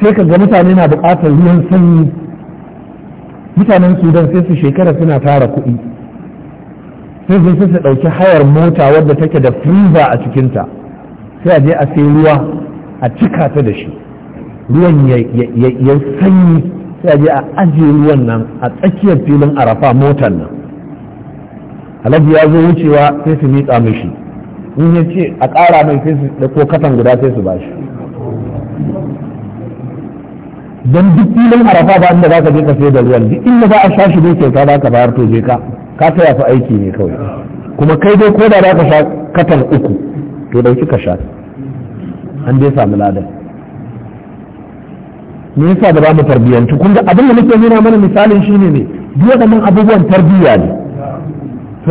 sai ka ga mutane na buƙatar ruwan sanyi mutanen sudan sai su shekara suna tara kuɗi sai sun su ɗauki hayar mota wadda take da freezer a cikinta sai a je a sai ruwa a cika ta da shi ruwan ya sanyi sai je a ajiye ruwan nan a tsakiyar filin arafa motar nan alhaji ya zo wucewa sai su miƙa mishi in ya ce a ƙara mai sai su ko katan guda sai su bashi don duk filin arafa ba inda za ka je ka sai da ruwan duk inda za a sha shi ne kyauta za ka bayar to je ka ka ta yafi aiki ne kawai kuma kai dai ko da za ka sha katan uku to dauki ka sha an dai samu ladan me yasa da ba mu tarbiyantu kun ga abin da nake nuna mana misalin shine ne duk waɗannan abubuwan tarbiyya ne